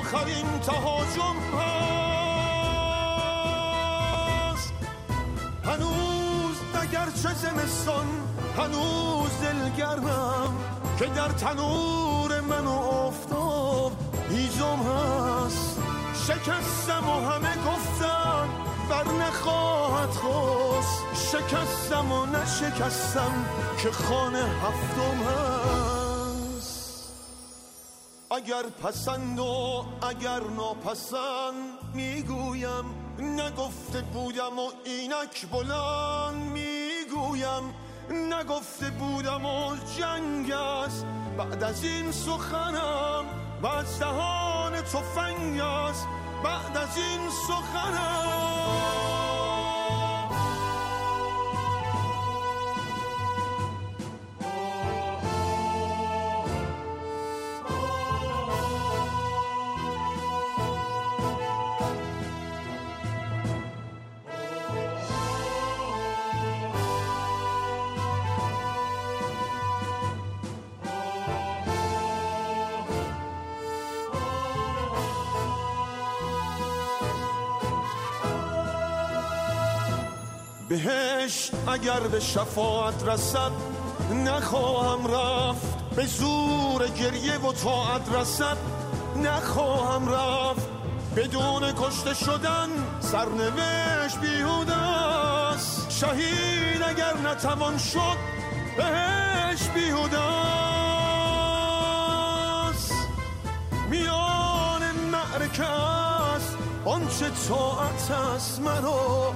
آخرین تهاجم هست هنوز چه زمستان هنوز دلگرمم که در تنور من و آفتاب هیزم هست شکستم و همه گفتن بر نخواهد خوست شکستم و نشکستم که خانه هفتم هست اگر پسند و اگر ناپسند میگویم نگفته بودم و اینک بلند میگویم نگفته بودم و جنگ است بعد از این سخنم و از تفنگ است بعد از این سخنم بهش اگر به شفاعت رسد نخواهم رفت به زور گریه و تاعت رسد نخواهم رفت بدون کشته شدن سرنوشت بیهوده شهید اگر نتوان شد بهش بیهوده است میان معرکه است آنچه طاعت است مرا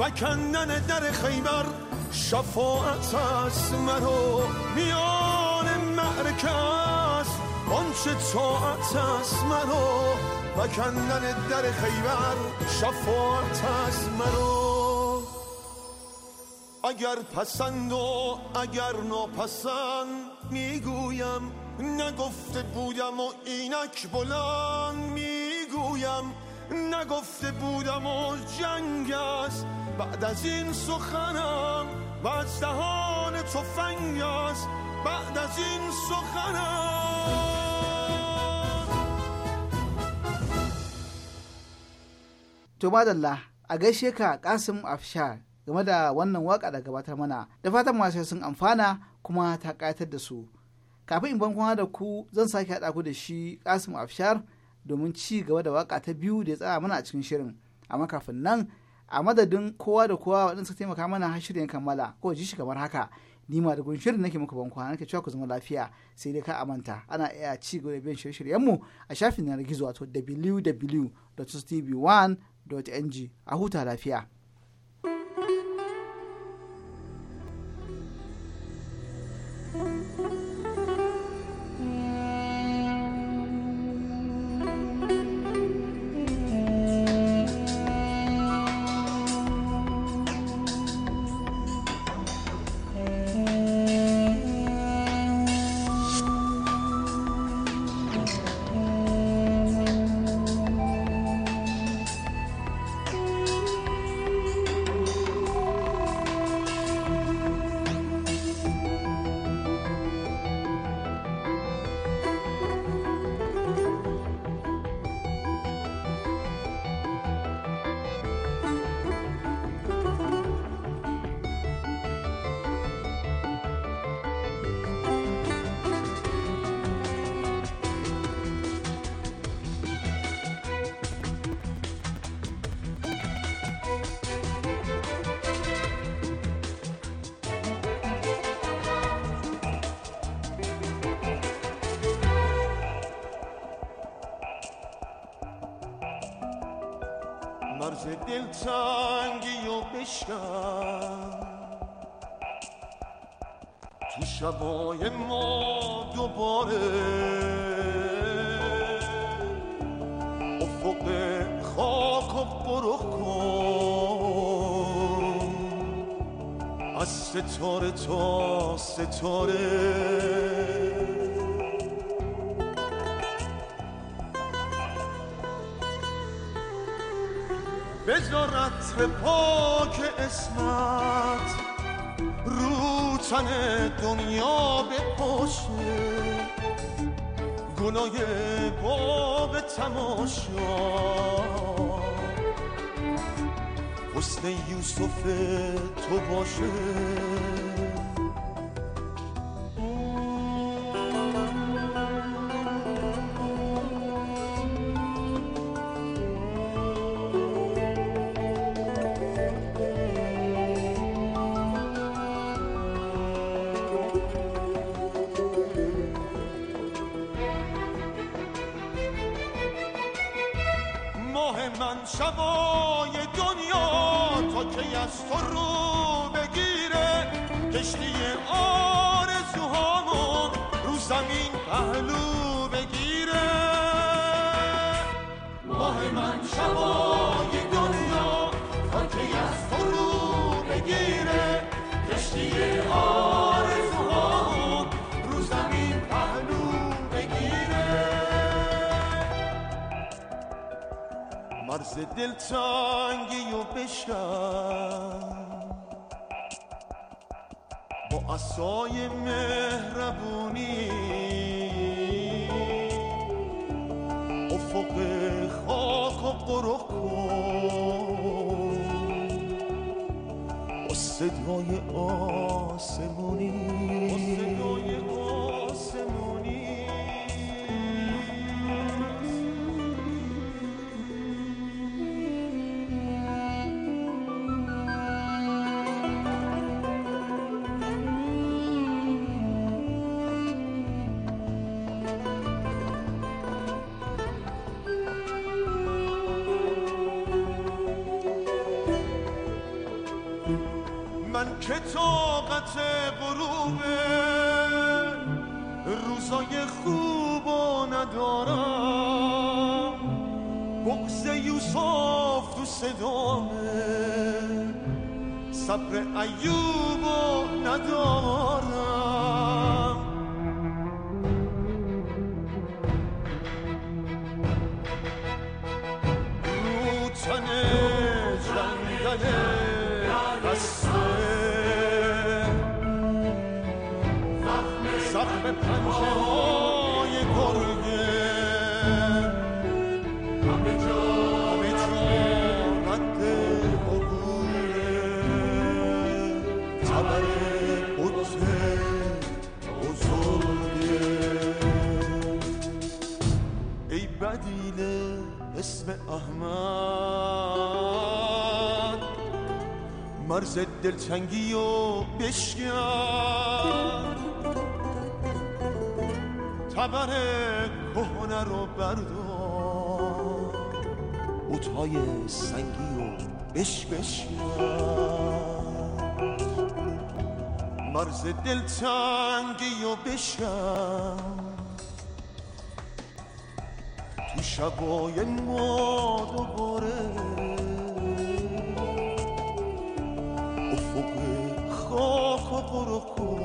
و کندن در خیبر شفاعت از مرا میان مرکز است آنچه طاعت از مرا و کندن در خیبر شفاعت از مرا اگر پسند و اگر ناپسند میگویم نگفته بودم و اینک بلند میگویم نگفته بودم و جنگ است بعد از این سخنم و از دهان تفنگ بعد از این سخنم To madalla a اگه ka Kasim Afshar game da wannan waka da gabatar mana da fatan masu sun amfana kuma ta ƙayatar da su. Kafin in ban da ku zan sake haɗa ku da shi Kasim Afshar domin ci gaba da waka ta biyu da ya tsara mana a cikin shirin. Amma kafin nan a madadin kowa da kowa waɗanda suka taimaka mana har shirin kammala ko ji shi kamar haka ni ma da gun shirin nake muku ban kwana nake cewa ku zama lafiya sai dai ka a manta, ana iya ci gaba da bin shirye-shiryen mu a shafin yanar gizo wato www.tv1.ng a huta lafiya. ز دلتنگی و بشکن تو شبای ما دوباره افق خاک و برو کن از ستاره تا ستاره به پاک اسمت رو تن دنیا پاشه گناه باب تماشا حسن یوسف تو باشه که طاقت غروب روزای خوب و ندارم بغز یوسف تو صدامه صبر ایوب و ندارم احمد مرز دلتنگی و بشکن تبر کهنه رو بردار اوتهای سنگی و بش بش مرز دلتنگی و بشکن شبای ما دوباره افق خاک و برو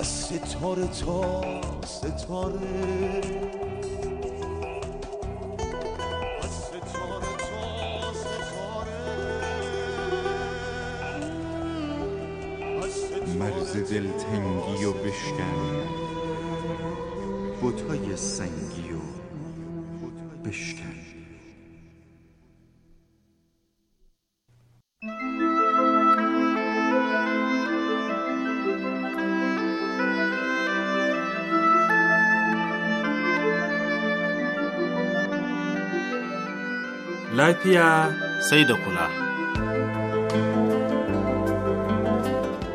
از ستاره تا ستاره از ستاره تا ستاره مرز دلتنگی و بشکن بوتای سنگی و بشکن لایپیا سید کلاه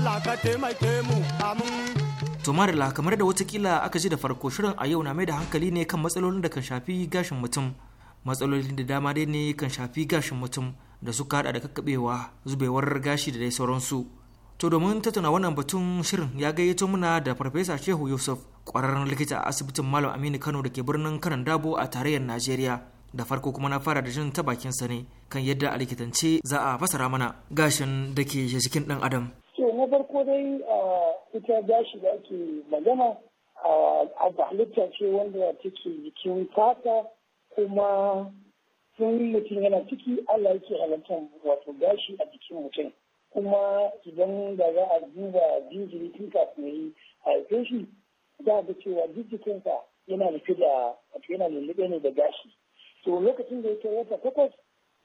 Allah ka taimake mu amin to marila kamar da watakila aka ji da farko shirin a yau na mai da hankali ne kan matsalolin da kan shafi gashin mutum matsalolin da dama dai ne kan shafi gashin mutum da suka hada da kakkabewa zubewar gashi da dai sauransu to domin tattauna wannan batun shirin ya gayyato muna da farfesa shehu yusuf kwararren likita a asibitin malam aminu kano da ke birnin kanan dabo a tarayyar najeriya da farko kuma na fara da jin ta bakin sa ne kan yadda a likitance za a fasara mana gashin da ke jikin dan adam so na farko dai a ita gashi da ake magana a halitta ce wanda take jikin fata kuma sun mutum yana ciki Allah yake halittar wato gashi a jikin mutum kuma idan da za a duba jinjiri tun kafin yi haife shi za ga cewa jijikinsa yana rufe da wato yana lullube ne da gashi to lokacin da ya wata takwas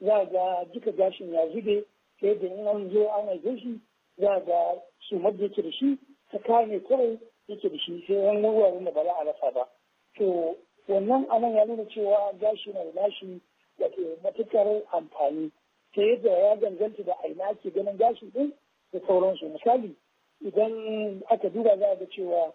za a ga duka gashin ya zube sai da in an zo an gashi za ga su da yake da shi ta kame kawai yake da shi sai wani wuraren da ba za a rasa ba to wannan anan ya nuna cewa gashi na gashi da ke matukar amfani ta yadda ya danganta da aina ake ganin gashi din da sauransu misali idan aka duba za a ga cewa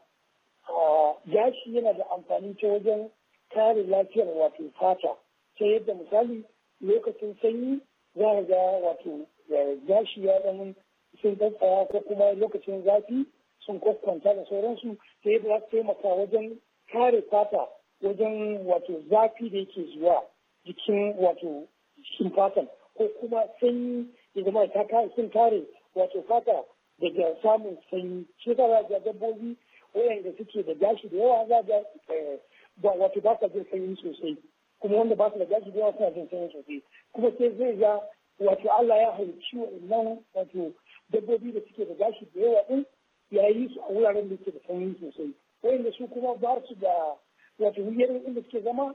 gashi yana da amfani ta wajen kare lafiyar wato fata ta yadda misali lokacin sanyi za a ga wato eh, gashi ya zama sun tsantsaya ko kuma lokacin zafi sun kwakwanta da sauransu ta da za su taimaka wajen kare fata wajen wato zafi da yake zuwa jikin wato jikin fatan ko kuma sanyi ya zama ta kare sun kare wato fata daga samun sanyi shi ta ga dabbobi waɗanda suke da gashi da yawa za ga eh, ba wato ba sa jin sanyi sosai kuma wanda ba su da gashi da yawa suna jin sanyi sosai kuma sai zai ga wato Allah ya halicci wannan wato dabbobi da suke da gashi da yawa din ya yi su a wuraren da suke da sanyi sosai wayanda su kuma ba su da wato wuyarin inda suke zama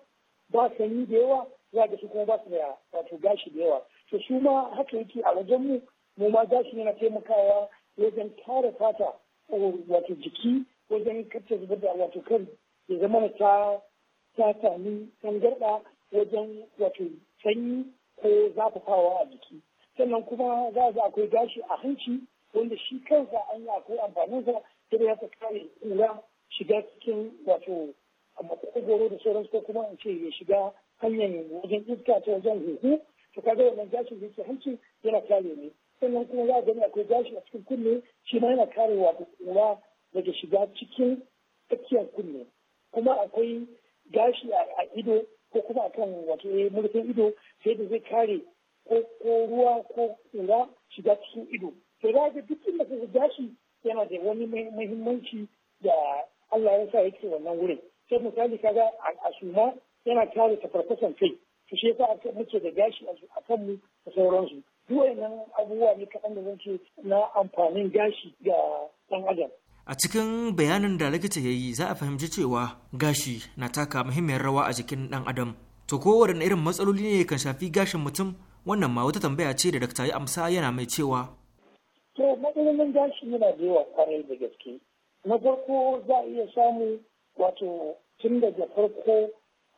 ba sanyi da yawa za ga su kuma ba su da wato gashi da yawa to su ma haka yake a wajen mu mu ma gashi yana taimakawa wajen tara fata wato jiki wajen kacce zubar da wato kan ya zama ta ta sami tangarɗa wajen wato sanyi ko zafafawa a jiki sannan kuma za a akwai gashi a hanci wanda shi kansa an yi akwai amfaninsa ta da ya ta kare kura shiga cikin wato makogoro da sauransu ko kuma in ce ya shiga hanyar wajen iska ta wajen huhu to kaga wannan gashin da yake hanci yana kare ne sannan kuma za a gani akwai gashi a cikin kunne shi ma yana kare wato kura daga shiga cikin tsakiyar kunne kuma akwai gashi a ido ko kuma akan wato eh, murfin ido sai da zai kare ko ko ruwa ko kura shiga cikin ido to da ga duk inda ka gashi yana da wani muhimmanci da Allah ya sa yake wannan wurin sai misali kaga a suma yana kare tafarkasan kai su shi yasa aka muke da gashi a kan mu da sauransu duk wannan abubuwa ne kaɗan da zan ce na amfanin gashi ga ɗan adam a cikin bayanin da likita ya yi za a fahimci cewa gashi na taka muhimmiyar rawa a jikin ɗan adam to kowane irin matsaloli ne kan shafi gashin mutum wannan ma wata tambaya ce da dakta ya amsa yana mai cewa to matsalolin gashi yana da yawa kwarai da gaske na farko za a iya samu wato tun daga farko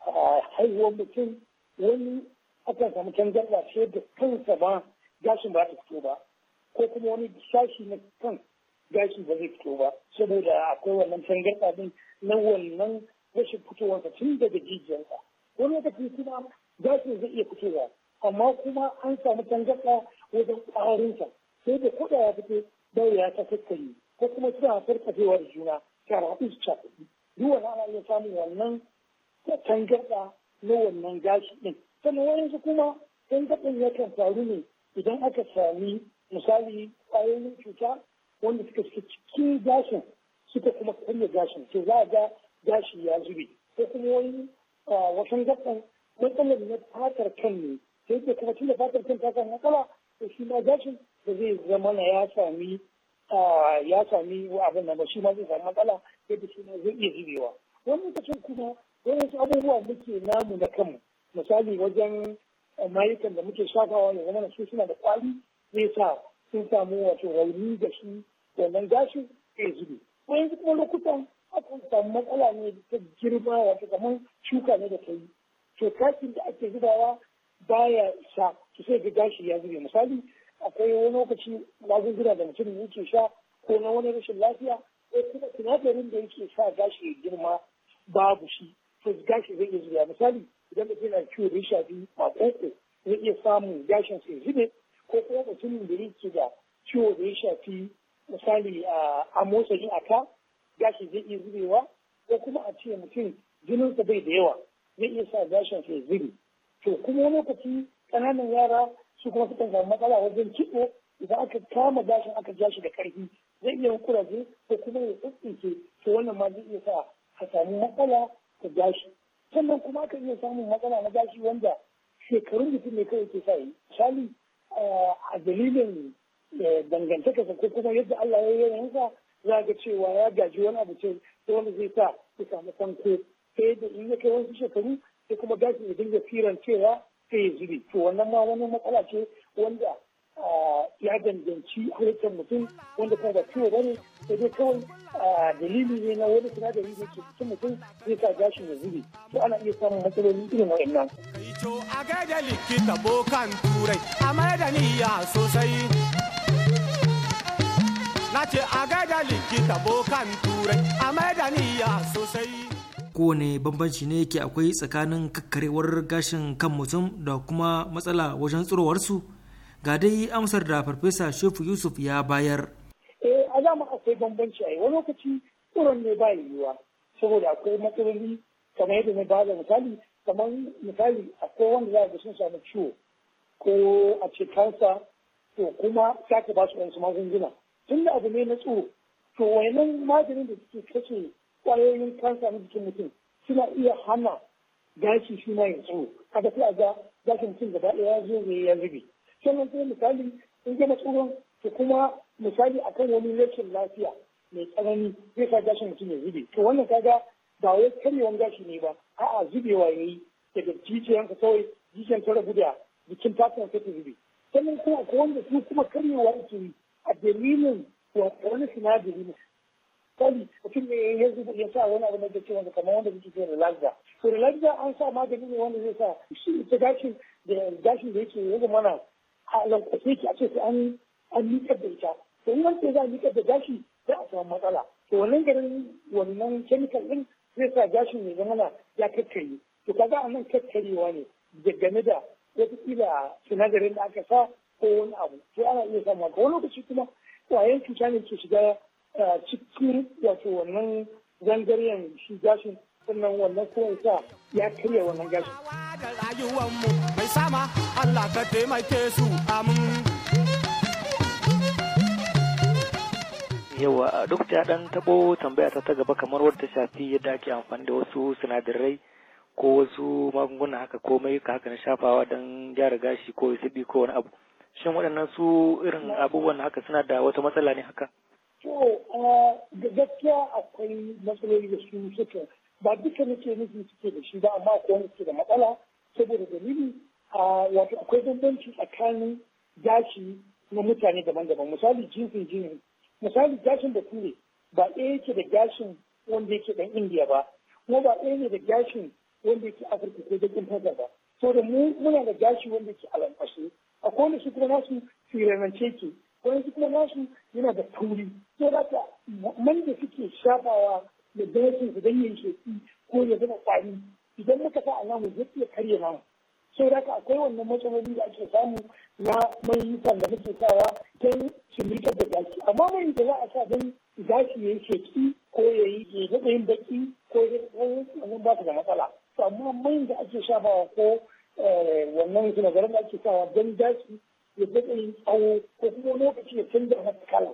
a haihuwar mutum wani akan samu tangarda ce da kansa ba gashin ba ta fito ba ko kuma wani sashi na kan gashi ba zai fito ba saboda akwai wannan tangarda din na wannan rashin fitowarsa tun daga jijiyarsa wani lokaci kuma gashin zai iya fitowa amma kuma an samu tangarɗa wajen ƙwarinsa sai da kuɗa ya fito ya ta kakkari ko kuma suna farfafewar juna karaɗu su cakuɗi duk wani ana iya samun wannan tangarɗa na wannan gashi ɗin sannan su kuma tangarɗin kan faru ne idan aka sami misali ƙwayoyin cuta wanda suka suke cikin gashin suka kuma karya gashin to za a ga gashi ya zube ko kuma wani ah, wasan gaɓɓan matsalar na fatar kan ne sai ke kuma tunda fatar kan ta samu matsala to shi ma gashin da zai zama na ya sami ya sami abin nan ba shi ma zai sami matsala yadda shi ma zai iya zubewa wani lokacin kuma wasu abubuwa muke namu na kanmu misali wajen mayukan da muke shafawa ya zama su suna da kwali zai sa sun samu wato rauni da shi wannan gashin zai zube wani kuma lokutan akan samu matsala ne ta girma wato kamar shuka ne da ta yi to takin da ake zubawa baya sa ki sai ga gashi ya zube misali akwai wani lokaci magunguna da mutum yake sha ko na wani rashin lafiya ko kuma sinadarin da yake sa gashi ya girma babu shi to gashi zai iya zubewa misali idan mutum yana ciwo da shafi makoko zai iya samun gashin sai zube ko kuma mutumin da yake da ciwo da ya shafi misali a motsa ni a ka gashi zai iya zubewa ko kuma a ce mutum jininsa bai da yawa zai iya sa gashin sai zube to kuma wani lokaci ƙananan yara su kuma sukan samu matsala wajen kitso idan aka kama gashin aka ja shi da ƙarfi zai iya yin kuraje ko kuma ya tsintsince to wannan ma zai iya sa a samu matsala ta gashi sannan kuma aka iya samun matsala na gashi wanda shekarun mutum ne kawai ke sa yi misali eh, a dalilin eh, dangantakarsa ko kuma yadda Allah ya yi yansa za ga cewa ya gaji wani abu ce wanda zai sa ya samu sanko sai da in ya kai wasu shekaru sai kuma gashi ya dinga firan cewa sai ya zube to wannan ma wani matsala ce wanda ya danganci halittar mutum wanda kuma ba ciwo bane sai dai kawai dalili ne na wani sinadari da ke cikin mutum zai sa gashi ya zube to ana iya samun matsaloli irin wa'annan. kai a gaida likita bokan turai a da niyya sosai na ce a gaida likita bokan turai a da niyya sosai. kowane bambanci ne ke akwai tsakanin kakkarewar gashin kan mutum da kuma matsala wajen tsirowarsu ga dai amsar da farfesa shefu yusuf ya bayar eh a zama akwai bambanci a wani lokaci tsiron ne ba yiwuwa saboda akwai matsaloli kamar yadda na ba da misali kamar misali akwai wanda za a ga sun samu ciwo ko a ce kansa to kuma sake ba su wasu magunguna tun da abu ne na tsoro to wayannan maganin da suke kashe kwayoyin kansa na jikin mutum suna iya hana gashi shi ma ya tsoro a tafi a ga gashin mutum gaba ɗaya ya zo ne ya zube sannan sai misali in gama tsoron to kuma misali akan wani rashin lafiya mai tsanani zai sa gashin mutum ya zube to wannan kaga ba wai karyewan gashi ne ba a'a zubewa ya yi daga jijiyansa kawai jijiyan ta rabu da jikin ta sai ta zube sannan kuma ko wanda su kuma karyewa ke yi a dalilin wani sinadari misali mutum ne ya zuba ya sa wani abu na da cewa kamar wanda kuke ce relaxer to relaxer an sa magani ne wanda zai sa shi ita gashin da gashin da yake yanzu mana a lankwasa yake a ce sai an an miƙar da ita to in wanda za a da gashi za a samu matsala to wannan garin wannan chemical din zai sa gashin ya zama ya kakkare to kaga a nan kakkarewa ne game da wataƙila sinadarin da aka sa ko wani abu to ana iya samu ga wani lokaci kuma ƙwayan cuta ne ke shiga cikin wato wannan zangaren shi gashin sannan wannan kuma sa ya karya wannan gashin. Da rayuwanmu mai sama Allah ka taimake su amin. Yawa duk da ɗan taɓo tambaya ta ta gaba kamar wadda shafi yadda ake amfani da wasu sinadarai ko wasu magunguna haka ko ka haka na shafawa don gyara gashi ko sibi ko wani abu. Shin waɗannan su irin abubuwan haka suna da wata matsala ne haka? To, da gaskiya akwai matsaloli da su suka ba duka nake nufi suke da shi ba amma akwai wani suke da matsala saboda dalili wato akwai bambanci tsakanin gashi na mutane daban-daban misali jinsin jini misali gashin da ture ba ɗaya yake da gashin wanda yake ɗan indiya ba kuma ba ɗaya ne da gashin wanda yake afirka ko bakin fata ba so da mu muna da gashi wanda yake alamfashe akwai wanda su kuma nasu firanance ke wayansu kuma nasu yana da tauri so da ta man da suke shafawa ya dace su dan yin sheki ko ya zama kwari idan muka sa alamu zai iya karye namu so da akwai wannan matsaloli da ake samu na mayukan da muke sawa don shimrikar da gashi amma mai da za a sa don gashi ya yi sheki ko ya yi yin baki ko ya wannan ba su da matsala amma mai da ake shafawa ko eh, wannan sinadaran da ake sawa don gashi ya daɗa yin tsawo ko kuma lokaci ya canza masa kala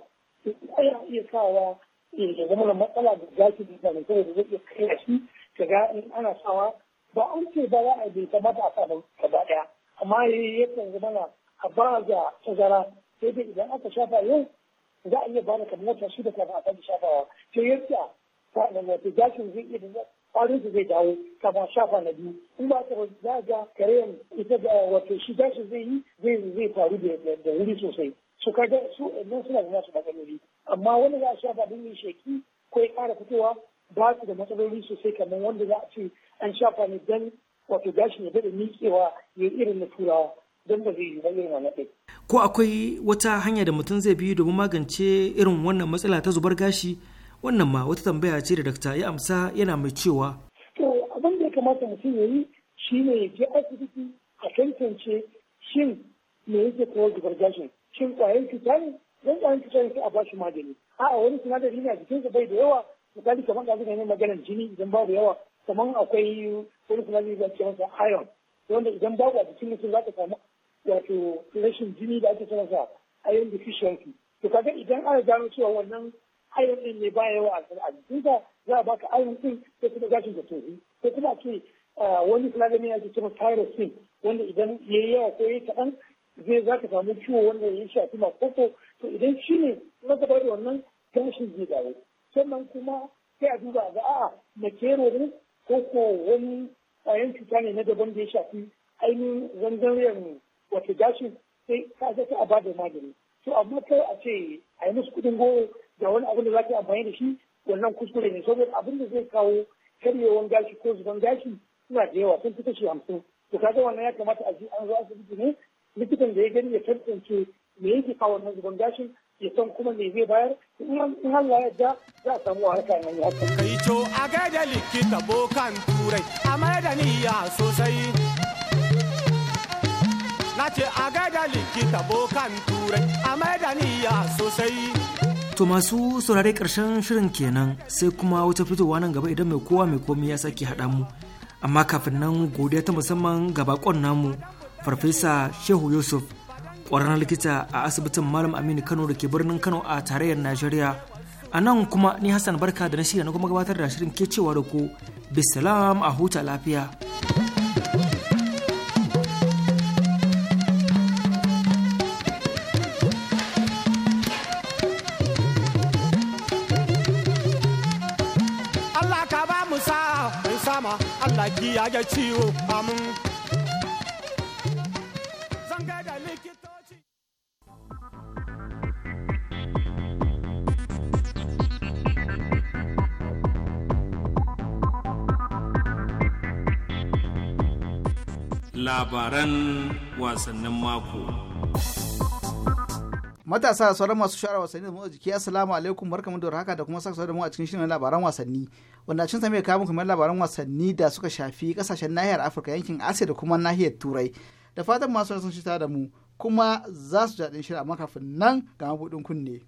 ko ya iya sawa ya zama da matsala da zaki da mutane saboda zai iya kai shi ka ga in ana sawa ba an ce ba za a bai kamata a ba gaba ɗaya amma yakan zama mana a ba da tazara sai dai idan aka shafa yau za a iya ba da kamar wata da kafin a sake shafawa sai yadda sa'an wato gashin zai iya kwarin su zai dawo kama shafa na biyu in ba ta za ga karen ita da wato shi gashi zai yi zai faru da wuri sosai su kaga su nan suna da nasu matsaloli amma wani za a shafa don yin sheki ko ya kara fitowa ba su da matsaloli sosai kamar wanda za a ce an shafa ne dan wato gashin ya bada miƙewa ya irin na turawa don ba zai yi ba irin ɗaya. Ko akwai wata hanya da mutum zai bi domin magance irin wannan matsala ta zubar gashi wannan ma wata tambaya ce da dakta ya amsa yana mai cewa to abin da ya kamata mutum ya yi ne ya je asibiti a tantance shin me yake kawar zubar gashin shin kwayan cuta ne don kwayan cuta ne sai a bashi magani a'a wani sinadari ne a jikinsa bai da yawa misali kamar da ne maganar jini idan babu yawa kamar akwai wani sinadari da ake masa iron wanda idan babu a jikin mutum za ka samu wato rashin jini da ake sanarsa iron deficiency to kaga idan ana gano cewa wannan ayon din ne ba yawa a shari'a duka za a baka ayon din ko kuma gashin da tofi ko kuma ce wani sinadari ya ce kuma tyrosine wanda idan ya yi yawa ko ya yi kaɗan zai za ka samu ciwo wanda ya shafi makoko to idan shi ne na gaba da wannan gashin zai dawo sannan kuma sai a duba ga a'a na kero ne ko ko wani ƙwayan cuta ne na daban da ya shafi ainihin zangariyar wata gashin sai ka zata a bada magani to amma kai a ce a yi musu kudin goro da wani abin da za ka amfani da shi wannan kuskure ne saboda abin da zai kawo karyewan gashi ko zuban gashi suna da yawa sun fi kashi hamsin to kaga wannan ya kamata a ji an zo asibiti ne likitan da ya gani ya tantance me yake kawo wannan zuban gashin ya san kuma me zai bayar in Allah ya da za a samu harka nan ya kai to a gaida likita bokan turai a da niyya sosai na ce a gaida likita bokan turai a maida sosai To masu saurare karshen shirin kenan sai kuma wata fitowa nan gaba idan mai kowa mai komi ya saki haɗa mu. Amma kafin nan godiya ta musamman ga bakon namu Farfesa Shehu Yusuf ƙwararren likita a asibitin Malam Aminu Kano da ke birnin Kano a tarayyar Najeriya. A nan kuma ni Hassan Barka da na shirya na kuma gabatar da shirin ke cewa da ku bisalam a huta lafiya. sama Allah ya ga ciwo amin. Labaran wasannin mako. matasa da sauran masu shara wasanni da motsa jiki assalamu alaikum barkamu da haka da kuma saka da mu a cikin shirin labaran wasanni wanda cin mai kamun kamar labaran wasanni da suka shafi kasashen nahiyar afirka yankin asiya da kuma nahiyar turai da fatan masu sun shita da mu kuma za su jaɗin shirin amma kafin nan ga mabuɗin kunne.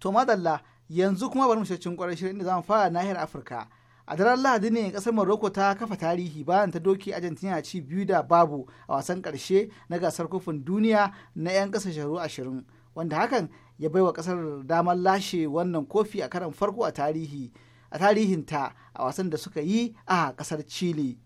to madalla yanzu kuma bari mu shirin kwarar shirin da mu fara nahiyar afirka a daren lahadi ne kasar morocco ta kafa tarihi bayan ta doki argentina ci biyu da babu a wasan karshe na gasar kofin duniya na 'yan kasa shekaru ashirin wanda hakan ya baiwa kasar damar lashe wannan kofi a karan farko a tarihi a tarihinta a wasan da suka yi a kasar chile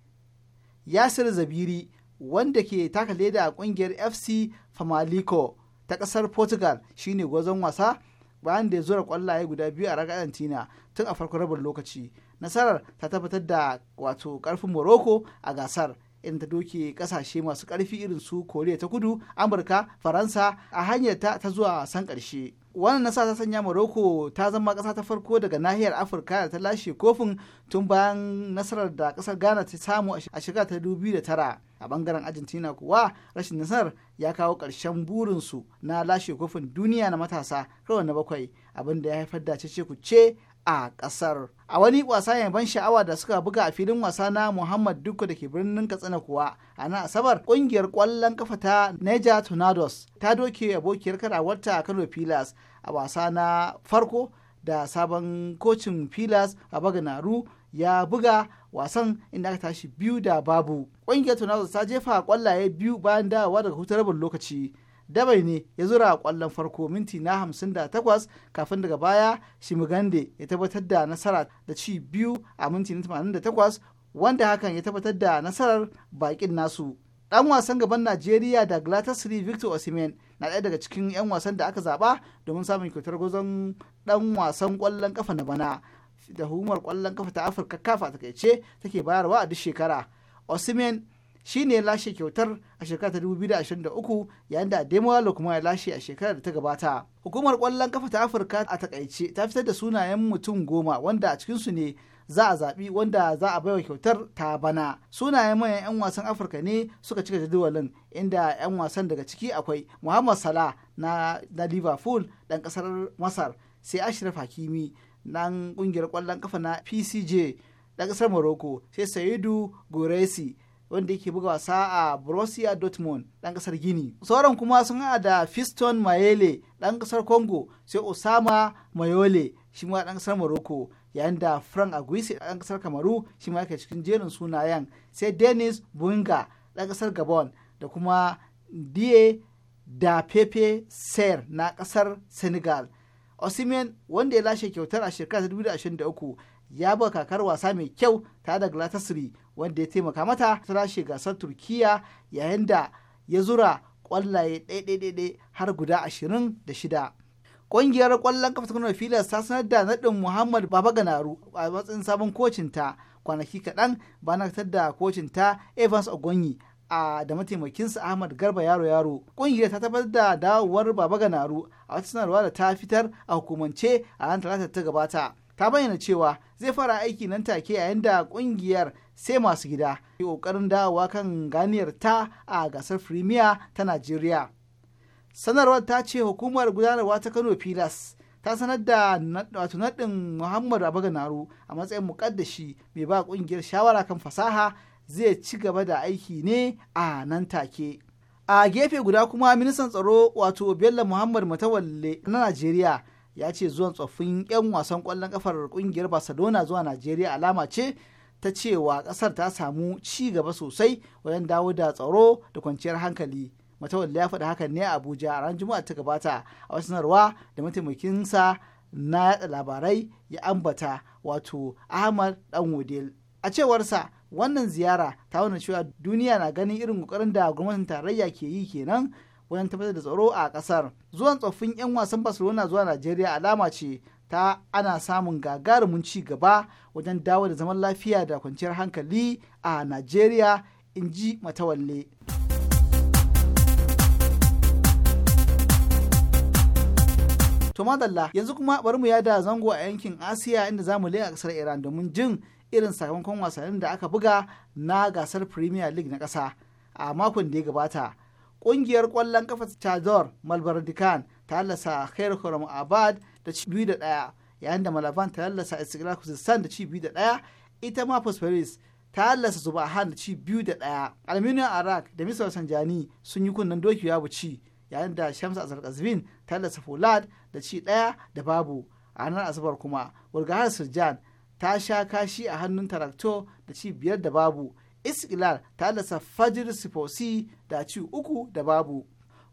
yasir zabiri wanda ke taka leda a kungiyar fc famalico ta kasar portugal shine gwazon wasa bayan da ya zura kwallaye guda biyu a raga argentina tun a farko rabin lokaci nasarar ta tabbatar da wato karfin morocco a gasar in ta doke kasashe masu karfi irin su koriya ta kudu amurka faransa a hanyar ta ta zuwa san karshe wannan nasa ta sanya morocco ta zama kasa ta farko daga nahiyar afirka da ta lashe kofin tun bayan nasarar da kasar ghana ta samu a shekara ta 2009 a bangaren argentina kuwa rashin nasarar ya kawo ƙarshen burinsu na lashe kofin duniya na matasa kawai na bakwai abinda ya haifar da cece kuce a ƙasar. A wani wasa ya ban sha'awa da suka buga a filin wasa na Muhammad Dukko da ke birnin Katsina kuwa a nan Asabar ƙungiyar ƙwallon kafa ta Niger Tornadoes ta doke abokiyar karawarta a Kano Pillars a wasa na farko da sabon kocin Pillars a Baganaru ya buga wasan inda aka tashi biyu da babu. Ƙungiyar Tornadoes ta jefa ƙwallaye biyu bayan dawowa daga hutar rabin lokaci. dabai ne ya zura kwallon farko minti na 58 kafin daga baya shimigande ya tabbatar da nasara da ci biyu a minti na 88 wanda hakan ya tabbatar da nasarar bakin nasu dan wasan gaban najeriya da glatasri victor osimhen na ɗaya daga cikin 'yan wasan da aka zaba domin samun kyautar gozon dan wasan kwallon kafa na bana da hukumar kwallon kafa ta afirka kafa takaice take bayarwa a duk shekara osimhen shine ya lashe kyautar a shekarar ta 2023 yayin da Ademola kuma ya lashe a shekarar da ta gabata. Hukumar kwallon kafa ta Afirka a takaice ta fitar da sunayen mutum goma wanda a cikinsu ne za a zaɓi wanda za a baiwa kyautar ta bana. Sunayen manyan 'yan wasan Afirka ne suka cika jadawalin inda 'yan wasan daga ciki akwai Muhammad Salah na, na Liverpool ɗan ƙasar Masar sai Ashraf Hakimi nan ƙungiyar kwallon kafa na PCJ ɗan ƙasar Morocco sai Saidu Goresi wanda yake buga wasa a Borussia Dortmund dan kasar Gini. Sauran kuma sun haɗa da Fiston Mayele dan kasar Congo sai Osama Mayole shi ma dan kasar Morocco yayin da Frank Aguisi dan kasar Kamaru shi ma yake cikin jerin sunayen sai denis Bunga dan kasar Gabon da kuma Die da Pepe Ser na kasar Senegal. Osimhen wanda ya lashe kyautar a shekarar 2023 ya buga kakar wasa mai kyau tare da Galatasaray wanda ya taimaka mata ta lashe gasar turkiya yayin da ya zura kwallaye ɗaiɗaiɗaiɗai har guda ashirin da shida ƙungiyar ƙwallon kafa tukunar filas ta sanar da naɗin muhammad baba ganaru a matsayin sabon kocin ta kwanaki kaɗan ba na da da kocinta evans ogonyi a da mataimakinsa Ahmad Garba Yaro Yaro. ƙungiyar ta tabbatar da dawowar Baba Ganaru a wata sanarwa da ta fitar a hukumance a ranar talata ta gabata. Ta bayyana cewa zai fara aiki nan take yayin da kungiyar sai masu gida yi kokarin dawowa kan ganiyar ta a gasar firimiya ta najeriya sanarwar ta ce hukumar gudanarwa ta kano pilas ta sanar da wato naɗin abu ganaru a matsayin mukaddashi mai ba kungiyar shawara kan fasaha zai ci gaba da aiki ne a nan take a gefe guda kuma ministan tsaro wato bello muhammad matawalle na najeriya ya ce zuwan tsoffin 'yan wasan kwallon kafar kungiyar barcelona zuwa najeriya alama ce ta cewa kasar ta samu ci gaba sosai wajen dawo da tsaro da kwanciyar hankali matawalli ya faɗi hakan ne a abuja a ran juma'a ta gabata a wasu sanarwa da mataimakinsa na yada labarai ya ambata wato ahmad dan a cewarsa wannan ziyara ta wani cewa duniya na ganin irin kokarin da gwamnatin tarayya ke yi kenan wajen tabbatar da tsaro a kasar zuwan tsoffin 'yan wasan barcelona zuwa najeriya alama ce ta ana samun gagarumin ci gaba wajen dawo da zaman lafiya da kwanciyar hankali a najeriya in ji matawalle to madalla yanzu kuma bari mu yada zango a yankin asiya inda zamu leka kasar iran domin jin irin sakamakon wasannin da aka buga na gasar premier league na ƙasa a makon da ya gabata ƙungiyar kwallon kafa Chador Malbardikan ta hallasa Khair Khuram Abad da ci biyu da ɗaya yayin da Malaban ta hallasa Istiklal Khuzestan da ci biyu da ɗaya ita ma Phosphorus ta hallasa Zubahan da ci biyu da ɗaya Aluminium Arak da Misal Sanjani sun yi kunnen doki ya ci yayin da Shamsu Azar Qazvin ta hallasa Fulad da ci ɗaya da babu a ranar Asabar kuma Wulgahar Sirjan ta sha kashi a hannun Tarakto da ci biyar da babu isgilar ta lasa fajir sifosi da ci uku da babu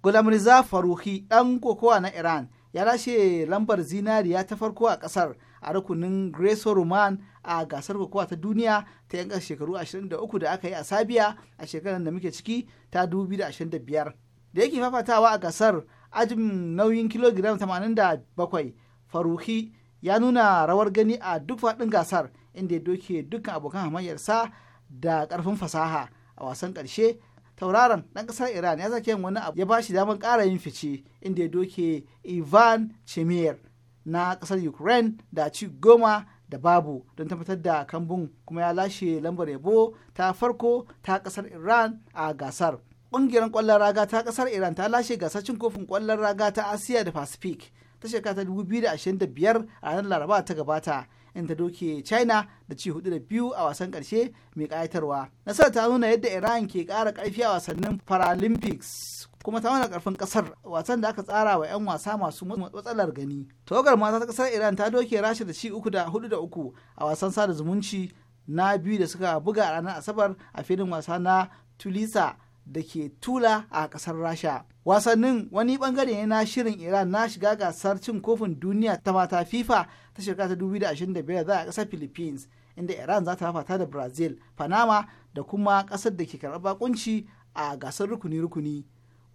gulamriza faruhi dan kokowa na iran ya lashe lambar zinariya ta farko a kasar a rukunin greso roman a gasar kokowa ta duniya ta yanka shekaru 23 da aka yi a sabiya a shekarar da muke ciki ta 2025 da yake fafatawa a gasar ajin nauyin kilogiram 87 faruhi ya nuna rawar gani a duk faɗin gasar inda ya doke dukkan abokan hamayyarsa da karfin fasaha a wasan ƙarshe tauraron dan kasar iran ya sake wani abu ya bashi shi damar ƙara yin fice inda ya doke ivan chimir na kasar ukraine da ci goma da babu don tabbatar da kambun kuma ya lashe lambar yabo ta farko ta kasar iran a gasar ƙungiyar kwallon raga ta kasar iran ta lashe gasar cin kofin kwallon raga ta asiya da pacific ta shekara ta 2025 a ranar laraba ta gabata inda doke china da ci hudu da biyu a wasan karshe mai kayatarwa nasarar ta nuna yadda iran ke kara karfi a wasannin paralympics kuma ta nuna karfin kasar wasan da aka tsara wa 'yan wasa masu matsalar gani tawagar mata ta kasar iran ta doke rasha da ci uku da hudu da uku a wasan sada zumunci na biyu da suka buga a ranar asabar a filin wasa na tulisa da ke tula a kasar rasha wasannin wani bangare na shirin iran na shiga gasar cin kofin duniya ta mata fifa ta shekara ta 2025 za a kasar philippines inda iran za ta fafata da brazil panama da kuma kasar da ke karɓar bakunci a gasar rukuni-rukuni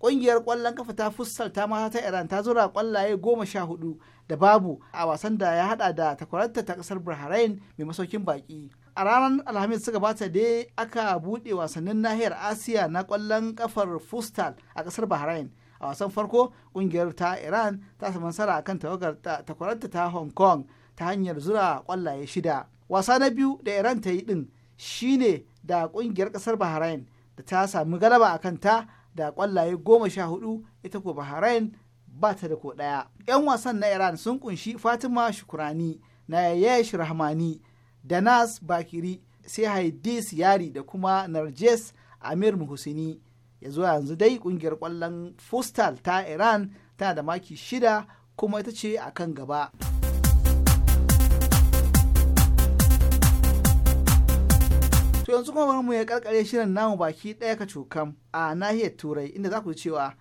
ƙungiyar ƙwallon kafa ta fussal ta mata ta iran ta zura ƙwallaye goma sha hudu da babu a wasan da ya hada da takwararta ta kasar bahrain mai masaukin baki a ranar alhamis su gabata dai aka buɗe wasannin nahiyar asiya na ƙwallon kafar fustal a ƙasar bahrain a wasan farko kungiyar ta iran ta samu nasara akan tawagar takwaranta ta hong kong ta hanyar zura kwallaye shida wasa na biyu da iran ta yi din shine da kungiyar kasar bahrain da ta sami galaba a kanta da kwallaye goma sha hudu ita ko bahrain ba ta da ko daya yan wasan na iran sun kunshi fatima shukurani na yayesh rahmani da nas bakiri sai haidis yari da kuma narjes amir muhusini ya zuwa yanzu dai kungiyar kwallon fustal ta iran tana da maki shida kuma ita ce a kan gaba to yanzu kuma mu ya karkare shirin namu baki ɗaya ka cokam a nahiyar turai inda za ku ji cewa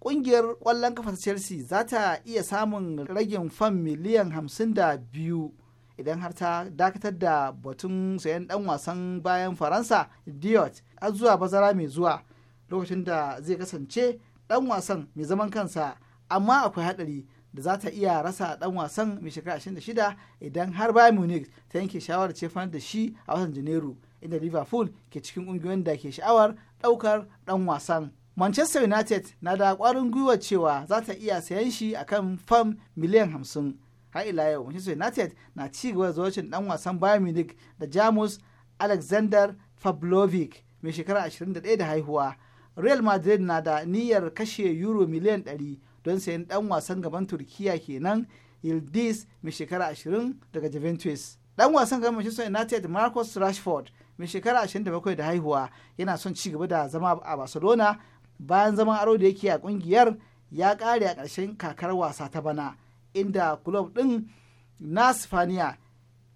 kungiyar kwallon kafa ta chelsea za ta iya samun ragin fan miliyan hamsin da biyu idan har ta dakatar da batun sayan dan wasan bayan faransa diot har zuwa bazara mai zuwa lokacin da zai kasance ɗan wasan mai zaman kansa amma akwai haɗari da za ta iya rasa ɗan wasan mai shekara 26 idan har Bayern Munich ta yanke shawarar cefan da shi a watan Janairu inda Liverpool ke cikin ƙungiyoyin da ke sha'awar ɗaukar ɗan wasan. Manchester United na da kwarin gwiwa cewa za ta iya sayan shi akan fam miliyan hamsin, Har ila yau Manchester United na ci gaba da zuwacin ɗan wasan Bayern Munich da Jamus Alexander Pavlovic mai shekara 21 da haihuwa real madrid na da niyyar kashe euro miliyan 100 don sayan dan wasan gaban turkiya kenan yildiz mai shekara 20 daga juventus dan wasan gaban manchester united marcus rashford mai shekara 27 da haihuwa yana son ci gaba da zama a barcelona bayan zaman aro da yake a kungiyar ya kare a ƙarshen kakar wasa ta bana inda kulob din na sifaniya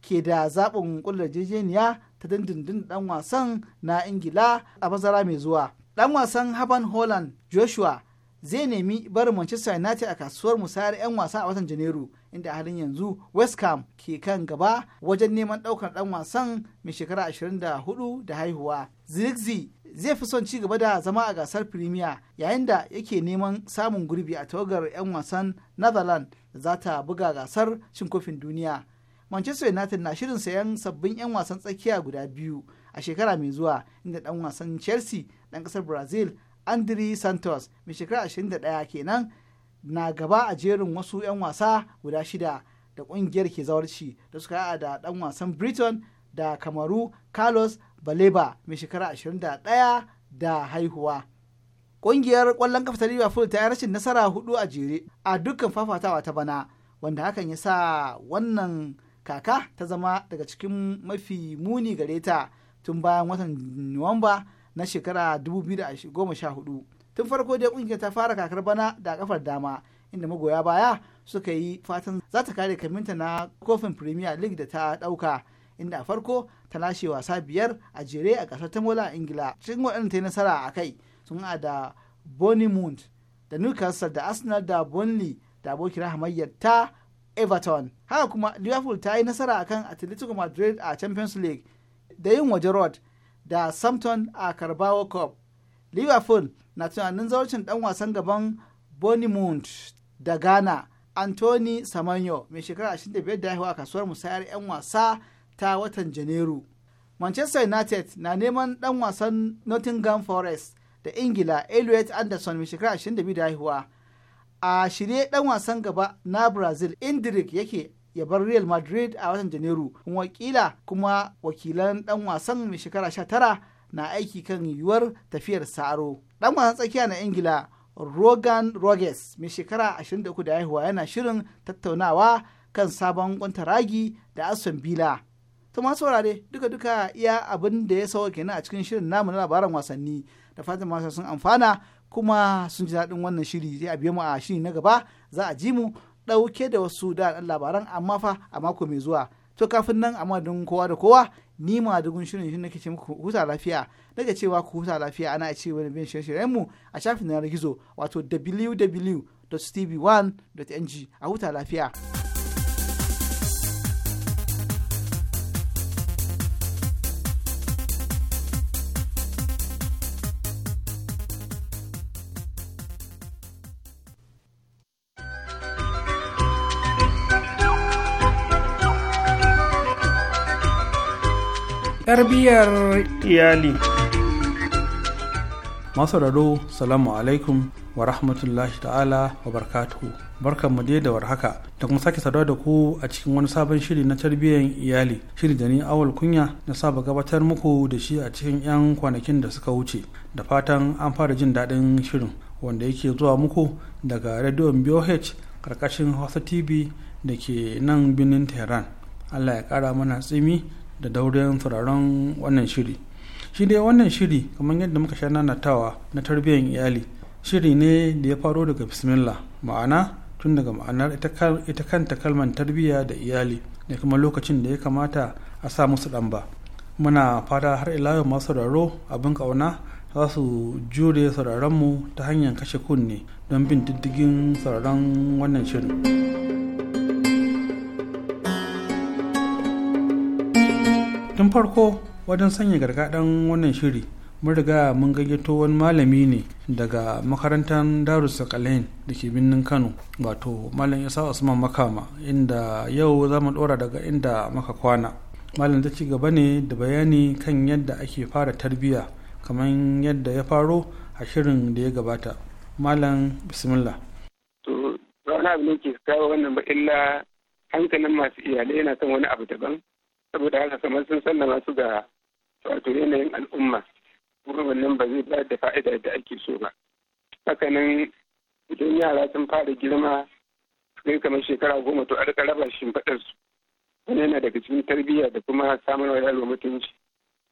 ke da zaɓin kullar jejeniya ta dindindin dan wasan na ingila a bazara mai zuwa dan wasan Haban Holland Joshua zai nemi barin Manchester United a kasuwar musayar 'yan wasa a watan Janairu inda halin yanzu West Ham ke kan gaba wajen neman ɗaukar ɗan wasan mai shekara 24 da haihuwa. Zirigzi zai fi son ci gaba da zama a gasar Premier yayin da yake neman samun gurbi a tawagar 'yan wasan netherland da za ta buga gasar cin kofin duniya. Manchester United na shirin sayan sabbin 'yan wasan tsakiya guda biyu. a shekara mai zuwa inda dan wasan chelsea dan kasar brazil andri santos mai shekara 21 kenan na gaba a jerin wasu 'yan wasa guda shida da kungiyar ke zawarci da suka haɗa da dan wasan britain da kamaru carlos baleba mai shekara 21 da haihuwa kungiyar kwallon kafa ta liverpool ta yi rashin nasara hudu a jere a dukkan fafatawa ta bana wanda hakan ya sa wannan kaka ta zama daga cikin mafi muni gare ta tun bayan watan nuwamba na shekara 2014 tun farko dai kungiyar ta fara kakar bana da kafar dama inda magoya baya suka yi fatan za ta kare kaminta na kofin premier league da ta dauka inda a farko ta lashe wasa biyar a jere a kasar tamola ingila cikin waɗanda ta yi nasara a kai sun a da bonimund da newcastle da arsenal da burnley da abokin hamayyar ta everton haka kuma liverpool ta yi nasara akan atletico madrid a champions league da yin waje rod da Samton a Carabao Cup. Liverpool na tunanin zaucin dan wasan gaban Bournemouth da Ghana Anthony Samanyo mai shekara 25 da haihuwa a kasuwar musayar 'yan wasa ta watan Janairu. Manchester United na neman dan wasan Nottingham Forest da Ingila Elliot Anderson mai shekara 22 da haihuwa. A shirye dan wasan gaba na Brazil Indrik yake ya bar real madrid a watan janairu wakila kuma wakilan dan wasan mai shekara 19 na aiki kan yiwuwar tafiyar saro dan wasan tsakiya na ingila rogan rogers mai shekara 23 da haihuwa yana shirin tattaunawa kan sabon kwantaragi da aston villa to masu saurare duka duka iya abin da ya sauke kenan a cikin shirin namu na labaran wasanni da fatan masu sun amfana kuma sun ji daɗin wannan shiri zai a biyo mu a shiri na gaba za a ji mu ɗauke da wasu da labaran amma fa a mako mai zuwa to kafin nan a madadin kowa da kowa ni ma dugun shirin shi nake ce muku huta lafiya nake cewa ku huta lafiya ana ce wani bin shirye-shiryen mu a shafin na gizo wato www.tv1.ng a huta lafiya. tarbiyyar iyali raro, salamu alaikum wa rahmatullahi ta'ala wa barkatuhu barkan mu da da haka da kuma sake saduwa da ku a cikin wani sabon shiri na tarbiyyar iyali shiri da ni awal kunya na saba gabatar muku da shi a cikin 'yan kwanakin da suka wuce da fatan an fara jin daɗin shirin wanda yake zuwa muku daga rediyon boh karkashin hausa tv da ke nan birnin tehran allah ya ƙara mana tsimi da daurin sauraron wannan shiri shi dai wannan shiri kamar yadda muka sha nanatawa na tarbiyyar iyali shiri ne da ya faro daga bismillah ma'ana tun daga ma'anar ita kanta kalman tarbiyya da iyali da kuma lokacin da ya kamata a sa musu dan ba muna fata har ila masu sauraro abin kauna za su jure sauraronmu ta hanyar kashe kunne don bin diddigin sauraron wannan shirin. tun farko wajen sanya gargaɗin wannan shiri mun riga mun gayyato wani malami ne daga makarantar sakalain da ke birnin kano wato malam isa usman makama inda yau za mu ɗora daga inda maka kwana malam ta ci gaba ne da bayani kan yadda ake fara tarbiyya kamar yadda ya faro a shirin da ya gabata malam bismillah to wani abu ne ke kawo wannan ba illa hankalin masu iyalai yana kan wani abu daban saboda haka kamar sun sallama su ga wato yanayin al'umma kuma wannan ba zai bayar da fa'ida da ake so ba hakanan idan yara sun fara girma kai kamar shekara goma to a rika raba faɗar su wani yana daga cikin tarbiyya da kuma samun wa yaro mutunci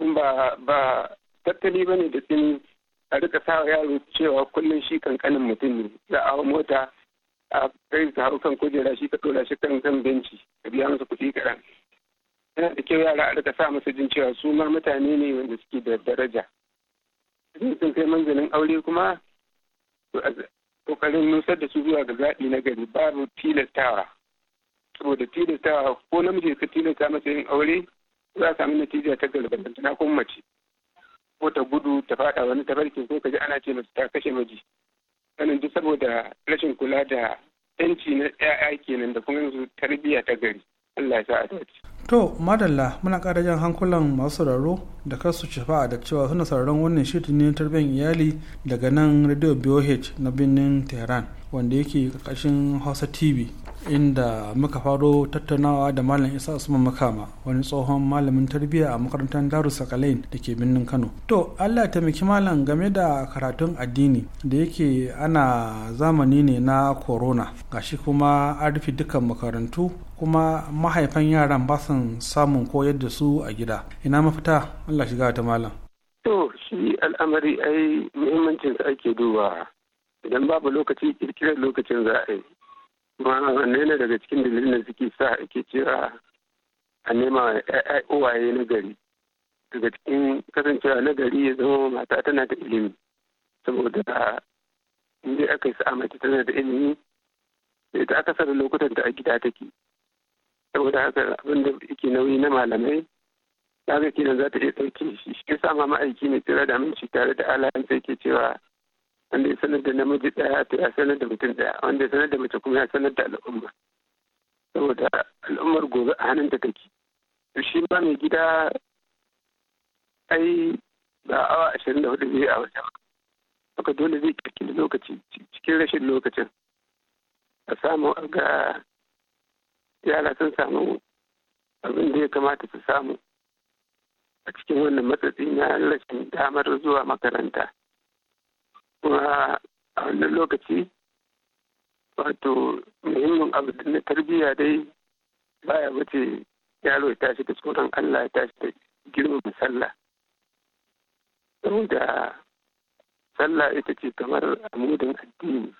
kun ba ba tattali bane da tsini a rika sa yaro cewa kullum shi kankanin mutum ne za a mota a kai ka hau kan kujera shi ka ɗora shi kan kan benci ka biya masa kuɗi kaɗan yana da kyau yara a rika sa masa jin cewa su mar mutane ne wanda suke da daraja in sun kai manzanin aure kuma kokarin nusar da su zuwa ga zaɓi na gari babu tilastawa saboda tilastawa ko namiji ka tilasta masa yin aure za a sami natija ta galbanta na kuma mace ko ta gudu ta faɗa wani tafarkin ko ka ana ce mace ta kashe maji sanin duk saboda rashin kula da yanci na 'ya'ya kenan da kuma yanzu tarbiyya ta gari Allah ya To, madalla muna ƙara jan hankulan masu sauraro da kasu shafa'a da cewa suna sauraron wannan shirin ne tarbiyyar iyali daga nan Radio BOH na birnin Tehran. wanda yake ƙarƙashin hausa tv inda muka faro tattaunawa da malam isa usman makama wani tsohon malamin tarbiyya a makarantar darus sakalain da ke birnin kano to allah taimaki malam game da karatun addini da yake ana zamani ne na corona gashi kuma a rufe dukkan makarantu kuma mahaifan yaran ba san samun koyar da su a gida ina mafita allah shiga ta malam to shi al'amari ai muhimmancin ake duba idan babu lokaci kirkirar lokacin za a yi kuma wanne ne daga cikin dalilin da suke sa ake cewa a nema uwaye na gari daga cikin kasancewa na gari ya zama mata tana da ilimi saboda inda aka yi sa'a mace tana da ilimi ta aka sarar lokutan da a gida take saboda haka abinda da yake nauyi na malamai ga kenan za ta iya ɗauke shi shi sa ma ma'aiki mai tsira da aminci tare da alayen sai ke cewa wanda ya sanar da namiji ɗaya to ya sanar da mutum ɗaya wanda ya sanar da mace kuma ya sanar da al'umma saboda al'ummar gobe a hannun take to shi ba mai gida ai ba awa ashirin da hudu zai a wajen haka dole zai kirkiri lokaci cikin rashin lokacin a samu a ga yara sun samu abin da ya kamata su samu a cikin wannan matsatsi na rashin damar zuwa makaranta kuma a wannan lokaci wato muhimmin abu na tarbiyya dai baya wuce yaro ya tashi da tsoron Allah ya tashi da girmama sallah saboda sallah ita ce kamar amudin addini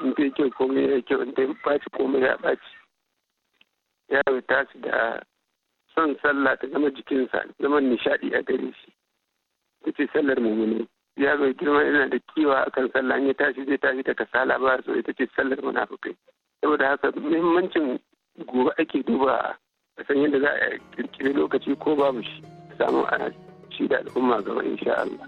in dai kyau komai ya kyau in dai baci komai ya baci yaro ya tashi da son sallah ta zama jikinsa zama nishaɗi a gare shi ita ce sallar mummuni ya zo girma yana da kiwa akan sallah ya tashi zai tashi da kasala ba so ita ce sallar munafukai saboda haka muhimmancin gobe ake duba a san yadda za a kirkiri lokaci ko babu shi samu a shi da al'umma gaba insha Allah.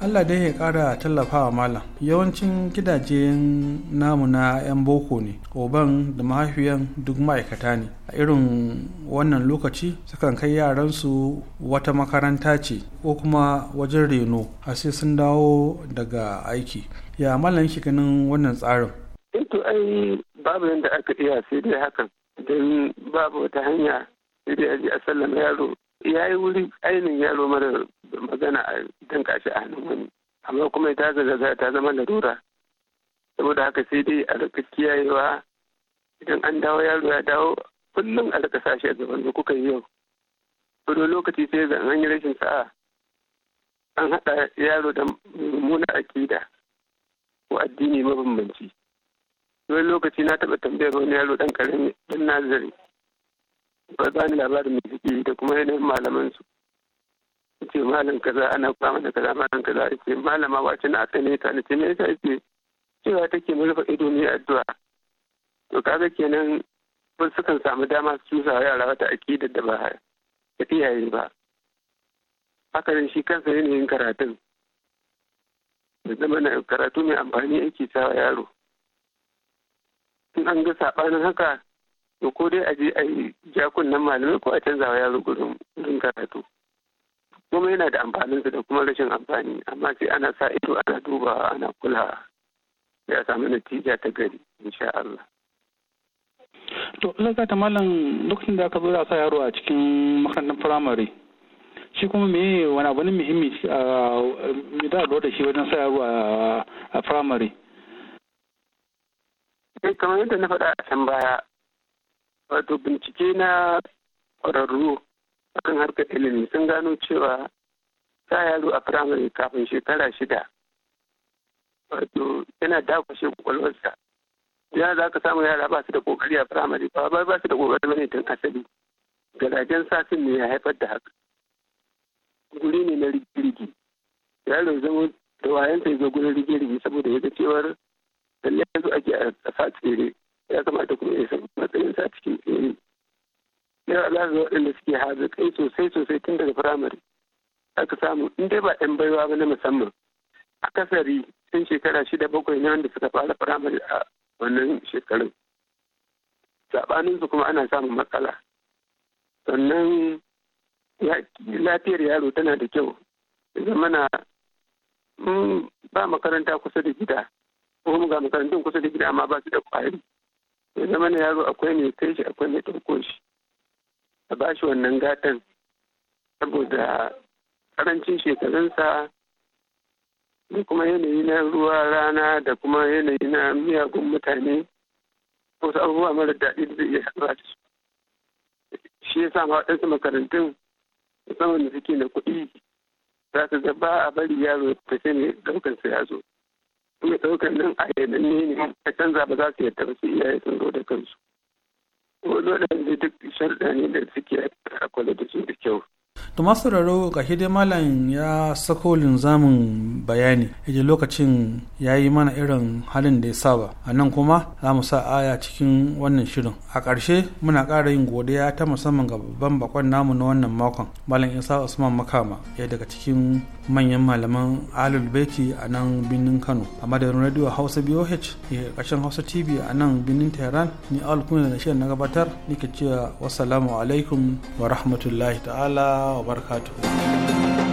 Allah dai ya kara tallafawa malam yawancin gidajen namu na 'yan boko ne oban da mahaifiyan duk ma'aikata ne a irin wannan lokaci sukan kai yaransu wata makaranta ce ko kuma wajen reno a sai sun dawo daga aiki ya malam shi ganin wannan tsarin eh to ai babu yadda aka iya sai dai hakan don babu wata hanya sai dai a sallama yaro ya yi wuri ainihin yaro mara magana a dan a hannun wani amma kuma ta zaga ta zama larura saboda haka sai dai a kiyayewa idan an dawo yaro ya dawo kullum a daga sashi a gaban da kuka yi yau wani lokaci sai zan an yi rashin sa'a an haɗa yaro da mummuna akida ko addini mabambanci wani lokaci na taɓa tambayar wani yaro ɗan ƙarami ɗan nazari ba za ni labarin mai suke da kuma yanayin malaman su ce malam kaza ana kwama da kaza malam kaza ce malama wace na asali ta ni ce me yasa ce cewa take mu rufe ido ne addu'a to kaga kenan wasu sukan samu dama su cusa wa yara wata aƙidar da ba da iyaye ba Haka ne shi kansa yanayin karatun da zama na karatu mai amfani sa wa yaro in an ga saɓanin haka to ko dai a je a yi jakunan malamai ko a canza wa yaro gurin karatu kuma yana da amfaninsa da kuma rashin amfani amma sai ana sa ido ana dubawa ana kulawa ya samu natija ta gari insha Allah to zaka ta malam lokacin da aka zo da sa yaro a cikin makarantar firamare shi kuma me wani abu ne muhimmi me da lura da shi wajen sa yaro a firamare eh, kamar yadda na faɗa a can baya wato bincike na ƙwararru kan harkar ilimi sun gano cewa sa yaro a firamare kafin shekara shida wato yana dakwashe kwakwalwarsa yana za ka samu yara ba su da kokari a firamare ba ba su da kokari bane tun asali garajen satin ne ya haifar da haka guri ne na rigirgi yaro zama da wayansa ya zo gurin rigirgi saboda yadda cewar lalle yanzu ake a satire ya kamata kuma ya san matsayin sa cikin tsere yara za su waɗanda suke kai sosai sosai tun daga firamare aka samu in dai ba 'yan baiwa ba na musamman akasari tun shekara shida bakwai ne wanda suka fara firamare a wannan shekarun saɓaninsu kuma ana samun matsala sannan lafiyar yaro tana da kyau zamana ba makaranta kusa da gida ko ga makarantun kusa da gida amma ba su da kwari ya zama na yaro akwai mai kai shi akwai mai ɗauko shi a ba shi wannan gatan saboda ƙarancin shekarunsa ni kuma yanayi na ruwa rana da kuma yanayi na miyagun mutane wasu abubuwa mara daɗi da zai iya da su shi ya sa waɗansu makarantun musamman da suke da kuɗi za su ga ba a bari yaro ta ce mai ɗaukan su ya kuma ɗaukan nan a yanayi ne a canza ba za su yadda ba su iyaye sun zo da kansu wani waɗanda duk sharɗa ne da suke a kwalata su da kyau to masu raro ga malam ya sako linzamin bayani yaje lokacin ya yi mana irin halin da ya saba a nan kuma za mu sa aya cikin wannan shirin a ƙarshe muna ƙara yin godiya ta musamman ga babban bakon namu na wannan makon malam isa usman makama ya daga cikin manyan malaman alul beti a nan birnin kano a madadin radio hausa boh ƙarshen hausa tv a nan birnin tehran ni al kuma da shirin na gabatar nake cewa wasu alaikum wa rahmatullahi ta'ala wa barakatuhu